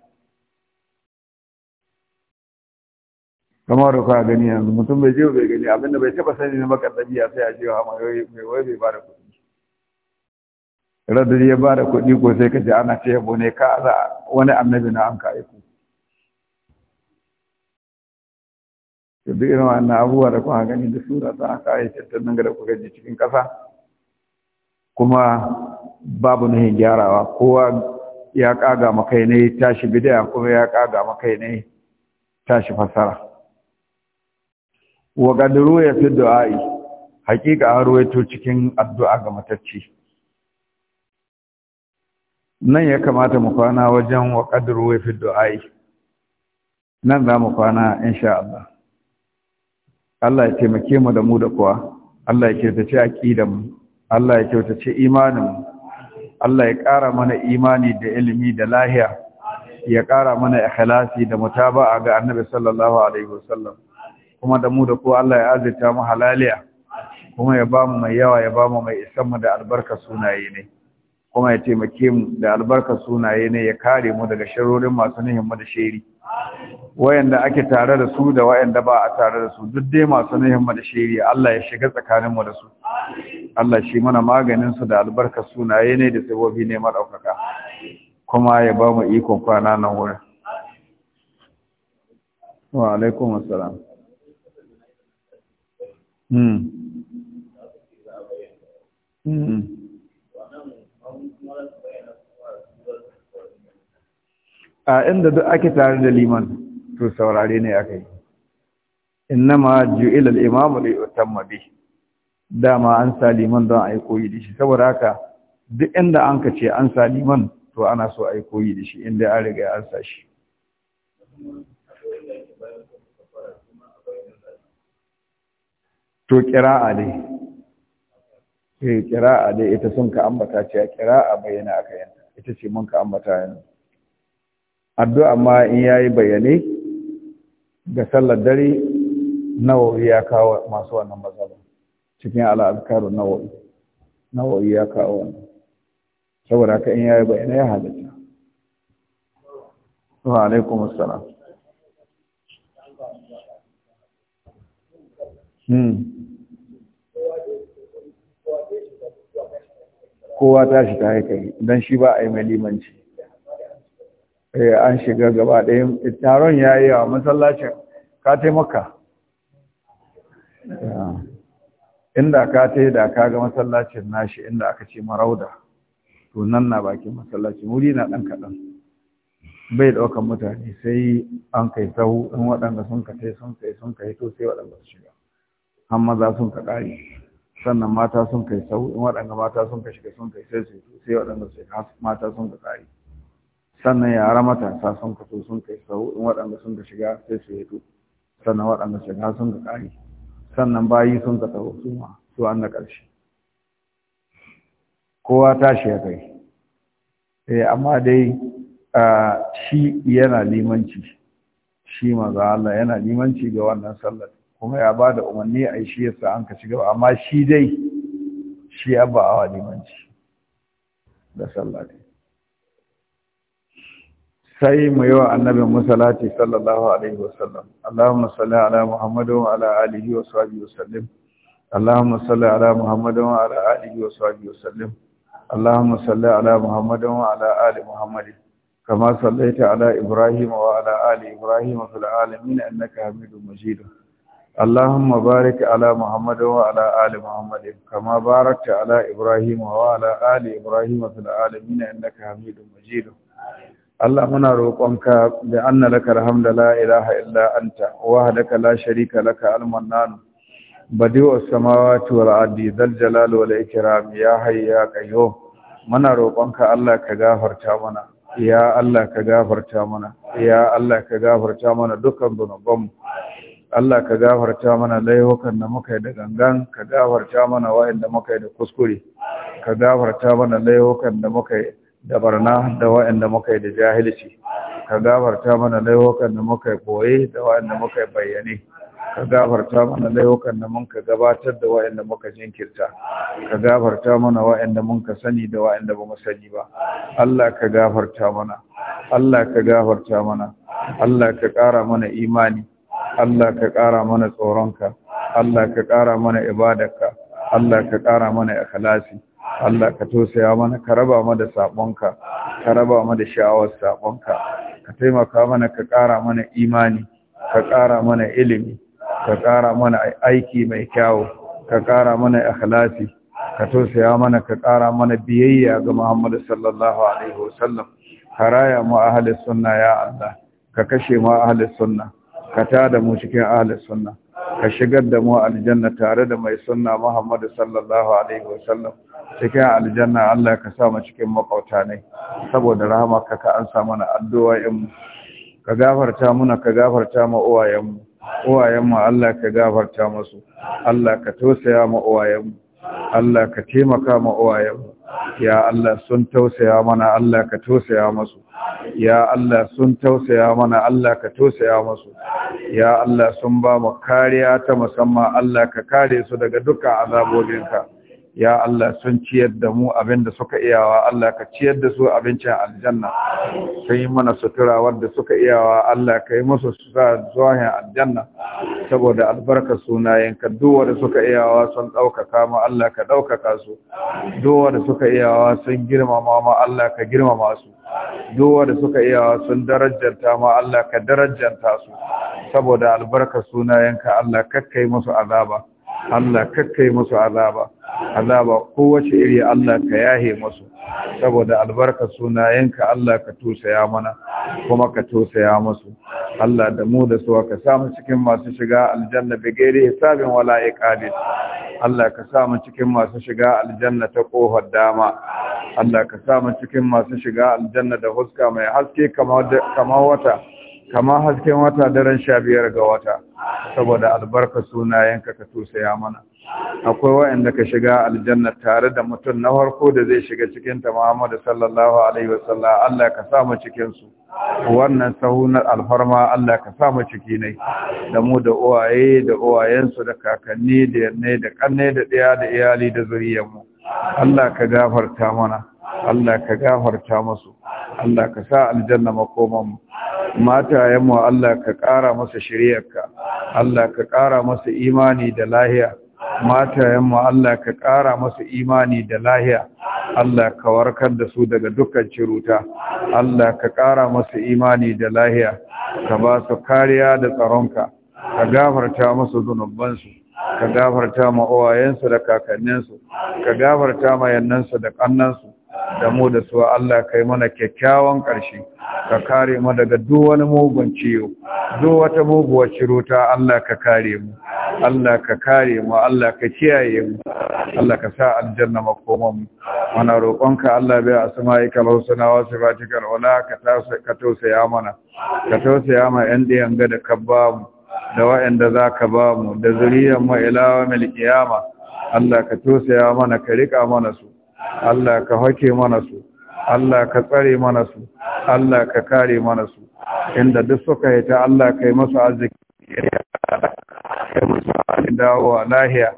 kamar da kuka gani yanzu mutum bai je bai gani abinda bai taɓa sani na makar ɗabi'a sai a jiwa mai wai bai ba da kuɗi radar ya ba da kuɗi ko sai ka ji ana ce yabo ne ka za wani annabi na an ka aiko to duk irin wannan abubuwa da kuma gani da sura za aka yi ta nan da kuka ji cikin ƙasa kuma babu nuhin gyarawa kowa ya ƙaga makai ne tashi bidiya kuma ya ƙaga makai ne tashi fasara wa ya fi du'ai haƙiƙa an ruwaito cikin addu'a ga matacci nan ya kamata mu kwana wajen wa qadru wafi du'ai nan za mu kwana insha Allah Allah ya taimake mu da mu da kuwa Allah ya kyautace aqidan mu Allah ya kyautace imanin mu Allah ya ƙara mana imani da ilimi da lahiya ya ƙara mana ikhlasi da mutaba'a ga Annabi sallallahu alaihi wasallam kuma da mu da kuwa Allah ya azurta mu halaliya kuma ya bamu mai yawa ya bamu mai isan mu da albarka sunaye ne kuma ya taimake mu da albarka sunaye ne ya kare mu daga sharorin masu nihin mu da sheri wayanda ake tare da su da wayanda ba a tare da su duk dai masu nihin mu da sheri Allah ya shiga tsakanin mu da su Allah shi mana maganin su da albarka sunaye ne da sabobi ne daukaka kuma ya ba mu ikon kwana nan wurin wa alaikum assalam hmm hmm a inda duk ake tare da liman to saurare ne aka yi ma ju'il al-imam li utamma bi dama an sa liman don ai koyi da shi saboda haka duk inda an ka ce an sa liman to ana so ai koyi da shi inda an riga an sa shi to kira'a dai eh dai ita sun ka ambata ce kira'a bayyana aka yanta ita ce mun ka ambata yanzu addu'a ma in yayi bayyane ga sallar dare nawawi ya kawo masu wannan mazhaba cikin al'azkarun nawawi nawawi ya kawo wannan saboda haka in yayi bayyane ya halatta wa alaikum assalam hmm. kowa tashi ta haika don shi ba a yi mai limanci Eh, an shiga gaba ɗaya taron ya yi a masallacin ka taimaka inda ka ta yi da ka ga masallacin nashi inda aka ce marauda to nan na bakin masallaci wuri na ɗan kaɗan bai ɗaukan mutane sai an kai tsawo in waɗanda sun ka tai sun kai sun kai to sai waɗanda su shiga An maza sun ka ƙari sannan mata sun kai tsawo in waɗanda mata sun ka shiga sun kai sai su sai waɗanda su mata sun ka ƙari sannan yara matasa sun fito sun kai sau in waɗanda sun ka shiga sai su yato sannan waɗanda shiga sun ka ƙari sannan bayi sun ka tsawo su ma su an na ƙarshe kowa tashi ya kai eh amma dai shi yana limanci shi maza Allah yana limanci ga wannan sallar kuma ya ba da umarni a shi yasa an ka shiga amma shi dai shi ya ba a limanci da sallar. dai sai mu yi wa annabin musalati sallallahu alaihi wasallam Allahumma salli ala Muhammad wa ala alihi wa sahbihi wasallim Allahumma salli ala Muhammad wa ala alihi wa sahbihi wasallim Allahumma salli ala Muhammad wa ala ali Muhammad kama sallaita ala Ibrahim wa ala ali Ibrahim fil alamin innaka Hamidum Majid Allahumma barik ala Muhammad wa ala ali Muhammad kama barakta ala Ibrahim wa ala ali Ibrahim fil alamin innaka Hamidum Majid Allah muna roƙonka da anna laka alhamdu la ilaha illa anta wahdaka la sharika laka al-mannan badi'u as-samawati wal ardi dhal jalali wal ikram ya hayy ya qayyum muna roƙonka Allah ka gafarta mana ya Allah ka gafarta mana ya Allah ka gafarta mana dukkan zunubanmu Allah ka gafarta mana laihukan da muka yi da gangan ka gafarta mana da muka yi da kuskure ka gafarta mana laihukan da muka yi da barna da wa'anda muka yi da jahilci ka gafarta mana laifukan da muka yi koye da wa'anda muka yi bayyane ka gafarta mana laifukan da mun ka gabatar da wa'anda muka jinkirta ka gafarta mana wa'anda ka sani da wa'anda ba mu sani ba Allah ka gafarta mana Allah ka gafarta mana Allah ka ƙara mana imani Allah ka ƙara mana tsoronka Allah ka ƙara mana ibadarka Allah ka ƙara mana ikhlasi Allah ka tausaya mana ka raba mu sabonka ka raba mu sha'awar sabonka ka taimaka mana ka ƙara mana imani ka ƙara mana ilimi ka ƙara mana aiki mai kyau ka kara mana ikhlasi ka tausaya mana ka ƙara mana biyayya ga Muhammad sallallahu alaihi wasallam ka raya mu ahli sunna ya Allah ka kashe mu ahli sunna ka tada mu cikin ahli sunna ka shigar da mu aljanna tare da mai sunna Muhammad sallallahu alaihi wasallam cikin aljanna Allah ka sa mu cikin makauta ne saboda rahamarka ka sa mana addu'a in ka gafarta muna ka gafarta mu uwayen mu uwayen mu Allah ka gafarta musu Allah ka tausaya mu uwayen mu Allah ka taimaka mu uwayen mu ya Allah sun tausaya mana Allah ka tausaya musu ya Allah sun tausaya mana Allah ka tausaya masu ya Allah sun ba mu kariya ta musamman Allah ka kare su daga dukkan azabobinka ya Allah sun ciyar da mu abin da suka iyawa Allah ka ciyar da su abincin aljanna ka yi mana sutura wanda suka iyawa Allah ka yi musu sutura zuwa aljanna saboda albarka sunayen ka duwa da suka iyawa sun ɗaukaka ma Allah ka ɗaukaka su duwa da suka iyawa sun girmama ma Allah ka girmama su duwa da suka iyawa sun darajanta ma Allah ka darajanta su saboda albarka sunayen ka Allah kakkai musu azaba Allah kakkai musu azaba azaba kowace iri Allah ka yahe musu saboda albarka sunayenka Allah ka tusaya mana kuma ka tusaya musu Allah da mu da su ka samu cikin masu shiga aljanna bi gairi hisabin wala Allah ka samu cikin masu shiga aljanna ta kofar dama Allah ka samu cikin masu shiga aljanna da huska mai haske kamar wata kama hasken wata daren sha biyar ga wata saboda albarka sunayenka ka tusaya mana akwai waɗanda ka shiga aljanna tare da mutum na farko da zai shiga cikin ta Muhammad sallallahu alaihi wasallam Allah ka sa mu wannan sahunar alfarma Allah ka sa ciki ne da mu da uwaye da uwayensu da kakanni da yanne da kanne da ɗaya da iyali da zuriyar mu Allah ka gafarta mana Allah ka gafarta masu. Allah ka sa aljanna makoman matayen mu Allah ka ƙara masa shiriyarka Allah ka ƙara masa imani da lahiya matayen Allah ka ƙara masa imani da lahiya Allah ka warkar da su daga dukkan ciruta Allah ka ƙara masa imani da lahiya ka ba su kariya da tsaronka ka gafarta masu zunubansu ka gafarta ma uwayensu da kakanninsu ka gafarta ma yannansu da kannansu da mu da su Allah kai mana kyakkyawan ƙarshe ka kare mu daga duk wani mugun ciwo duk wata muguwar ciruta Allah ka kare mu Allah ka kare mu Allah ka kiyaye mu Allah ka sa aljanna makoman mu mana roƙonka Allah bai asma'ika al-husna wa sifatika ka ka ka tausaya mana ka tausaya ma yan diyan ga da ka ba mu da wa'anda za ka ba mu da zuriyar mu ila wa mil Allah ka tausaya mana ka rika mana su Allah ka hake mana su Allah ka tsare mana su Allah ka kare mana su inda duk suka yi ta Allah ka yi masu arziki lahiya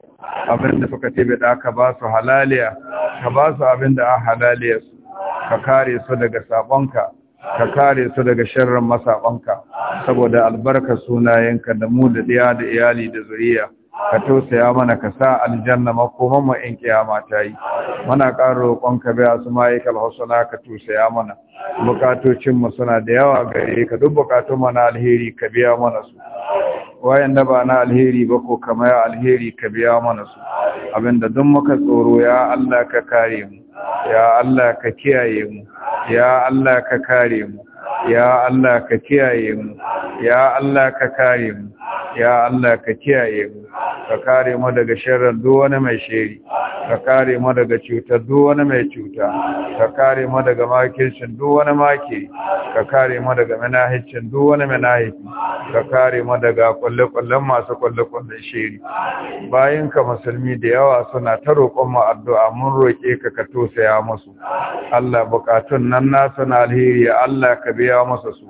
abinda suka tebe da ka ba su halaliya ka ba su abinda a halaliya su ka kare su daga sabonka ka kare su daga sharrin masabanka saboda albarka sunayenka da mu da diya da iyali da zuriya ka tausaya mana ka sa aljanna makoman mu in kiyama ta yi muna ƙara roƙon ka biya su ma'aikal husna ka tausaya mana bukatocin mu suna da yawa gare ka duk bukatun mu na alheri ka biya mana su wayan da ba na alheri ba ko kama ya alheri ka biya mana su abinda duk muka tsoro ya Allah ka kare mu ya Allah ka kiyaye mu ya Allah ka kare mu ya Allah ka kiyaye mu ya Allah ka kare mu ya Allah ka kiyaye mu ka kare mu daga sharrin duk wani mai shiri ka kare mu daga cutar duk wani mai cuta ka kare mu daga makircin duk wani maki ka kare mu daga manahicin duk wani manahici ka kare mu daga kullakullan masu kullakullan shiri bayan ka musulmi da yawa suna ta roƙon mu addu'a mun roƙe ka ka tosaya musu Allah bukatun nan na suna alheri Allah ka ka biya masa su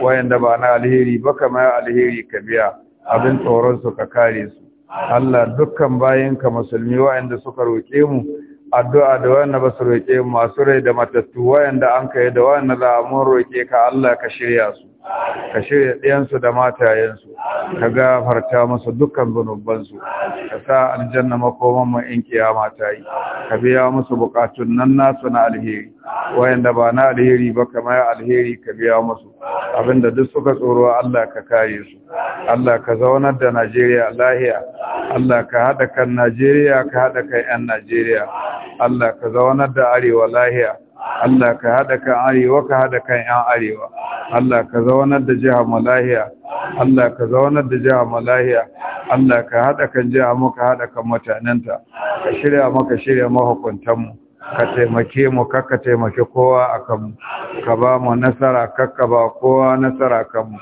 wayanda ba na alheri ba ka alheri ka biya abin tsoron su ka kare su Allah dukkan ka musulmi wayanda suka roke mu addu'a da wayanda ba su roke mu masu rai da matattu wayanda an kai da wayanda za mu roke ka Allah ka shirya su ka shirya ɗiyansu da matayensu ka gafarta musu dukkan zunubansu ka sa aljanna makoman mu in kiyama ta yi ka biya musu bukatun nan nasu na alheri wayanda ba na alheri ba kamar alheri ka biya musu abinda duk suka tsoro Allah ka kare su Allah ka zaunar da Najeriya lahiya Allah ka haɗa kan Najeriya ka haɗa kan 'yan Najeriya Allah ka zaunar da arewa lahiya Allah ka haɗa kan arewa ka haɗa kan 'yan arewa Allah ka zaunar da jiha malahiya Allah ka zaunar da jiha malahiya Allah ka haɗa kan jiha muka haɗa kan mutanenta ka shirya maka shirya mahukuntanmu ka taimake mu kakka taimake kowa a kanmu ka ba mu nasara kakka ba kowa nasara kanmu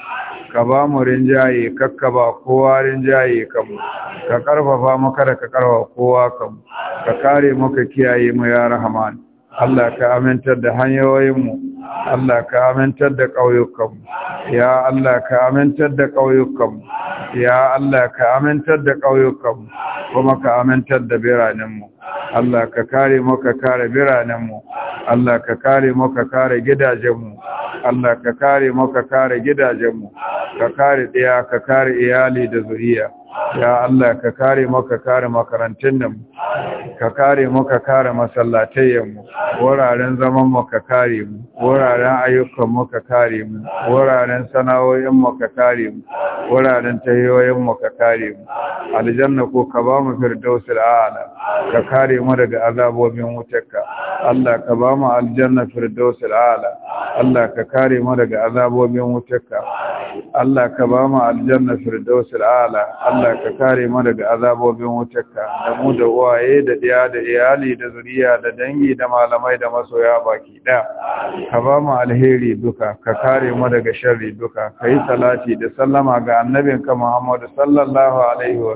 ka ba mu rinjaye kakka ba kowa rinjaye kanmu ka karfafa mu kada ka karfafa kowa kanmu ka kare muka kiyaye mu ya rahman Allah ka amintar da hanyoyinmu Allah ka amintar da ƙauyukanmu ya Allah ka amintar da ƙauyukanmu ya Allah ka amintar da ƙauyukanmu kuma ka amintar da biranenmu Allah ka kare mu ka kare biranenmu Allah ka kare mu ka kare gidajenmu Allah ka kare mu ka kare gidajenmu ka kare tsaya ka kare iyali da zuriya ya Allah ka kare mu ka kare makarantun nan ka kare mu ka kare masallatayen mu wuraren zaman mu ka kare mu wuraren ayyukan mu ka kare mu wuraren sana'o'in mu ka kare mu wuraren tayoyin mu ka kare mu aljanna ko ka ba mu firdausul a'la ka kare mu daga azabobin wutarka Allah ka ba mu aljanna firdausul a'la Allah ka kare mu daga azabobin wutarka Allah ka ba mu aljanna firdausul a'la Allah. Allah ka kare mu daga azabobin wutarka da mu da uwaye da ɗiya da iyali da zuriya da dangi da malamai da masoya baki ɗaya ka ba mu alheri duka ka kare mu daga sharri duka ka yi salati da sallama ga annabinka Muhammadu sallallahu alaihi wa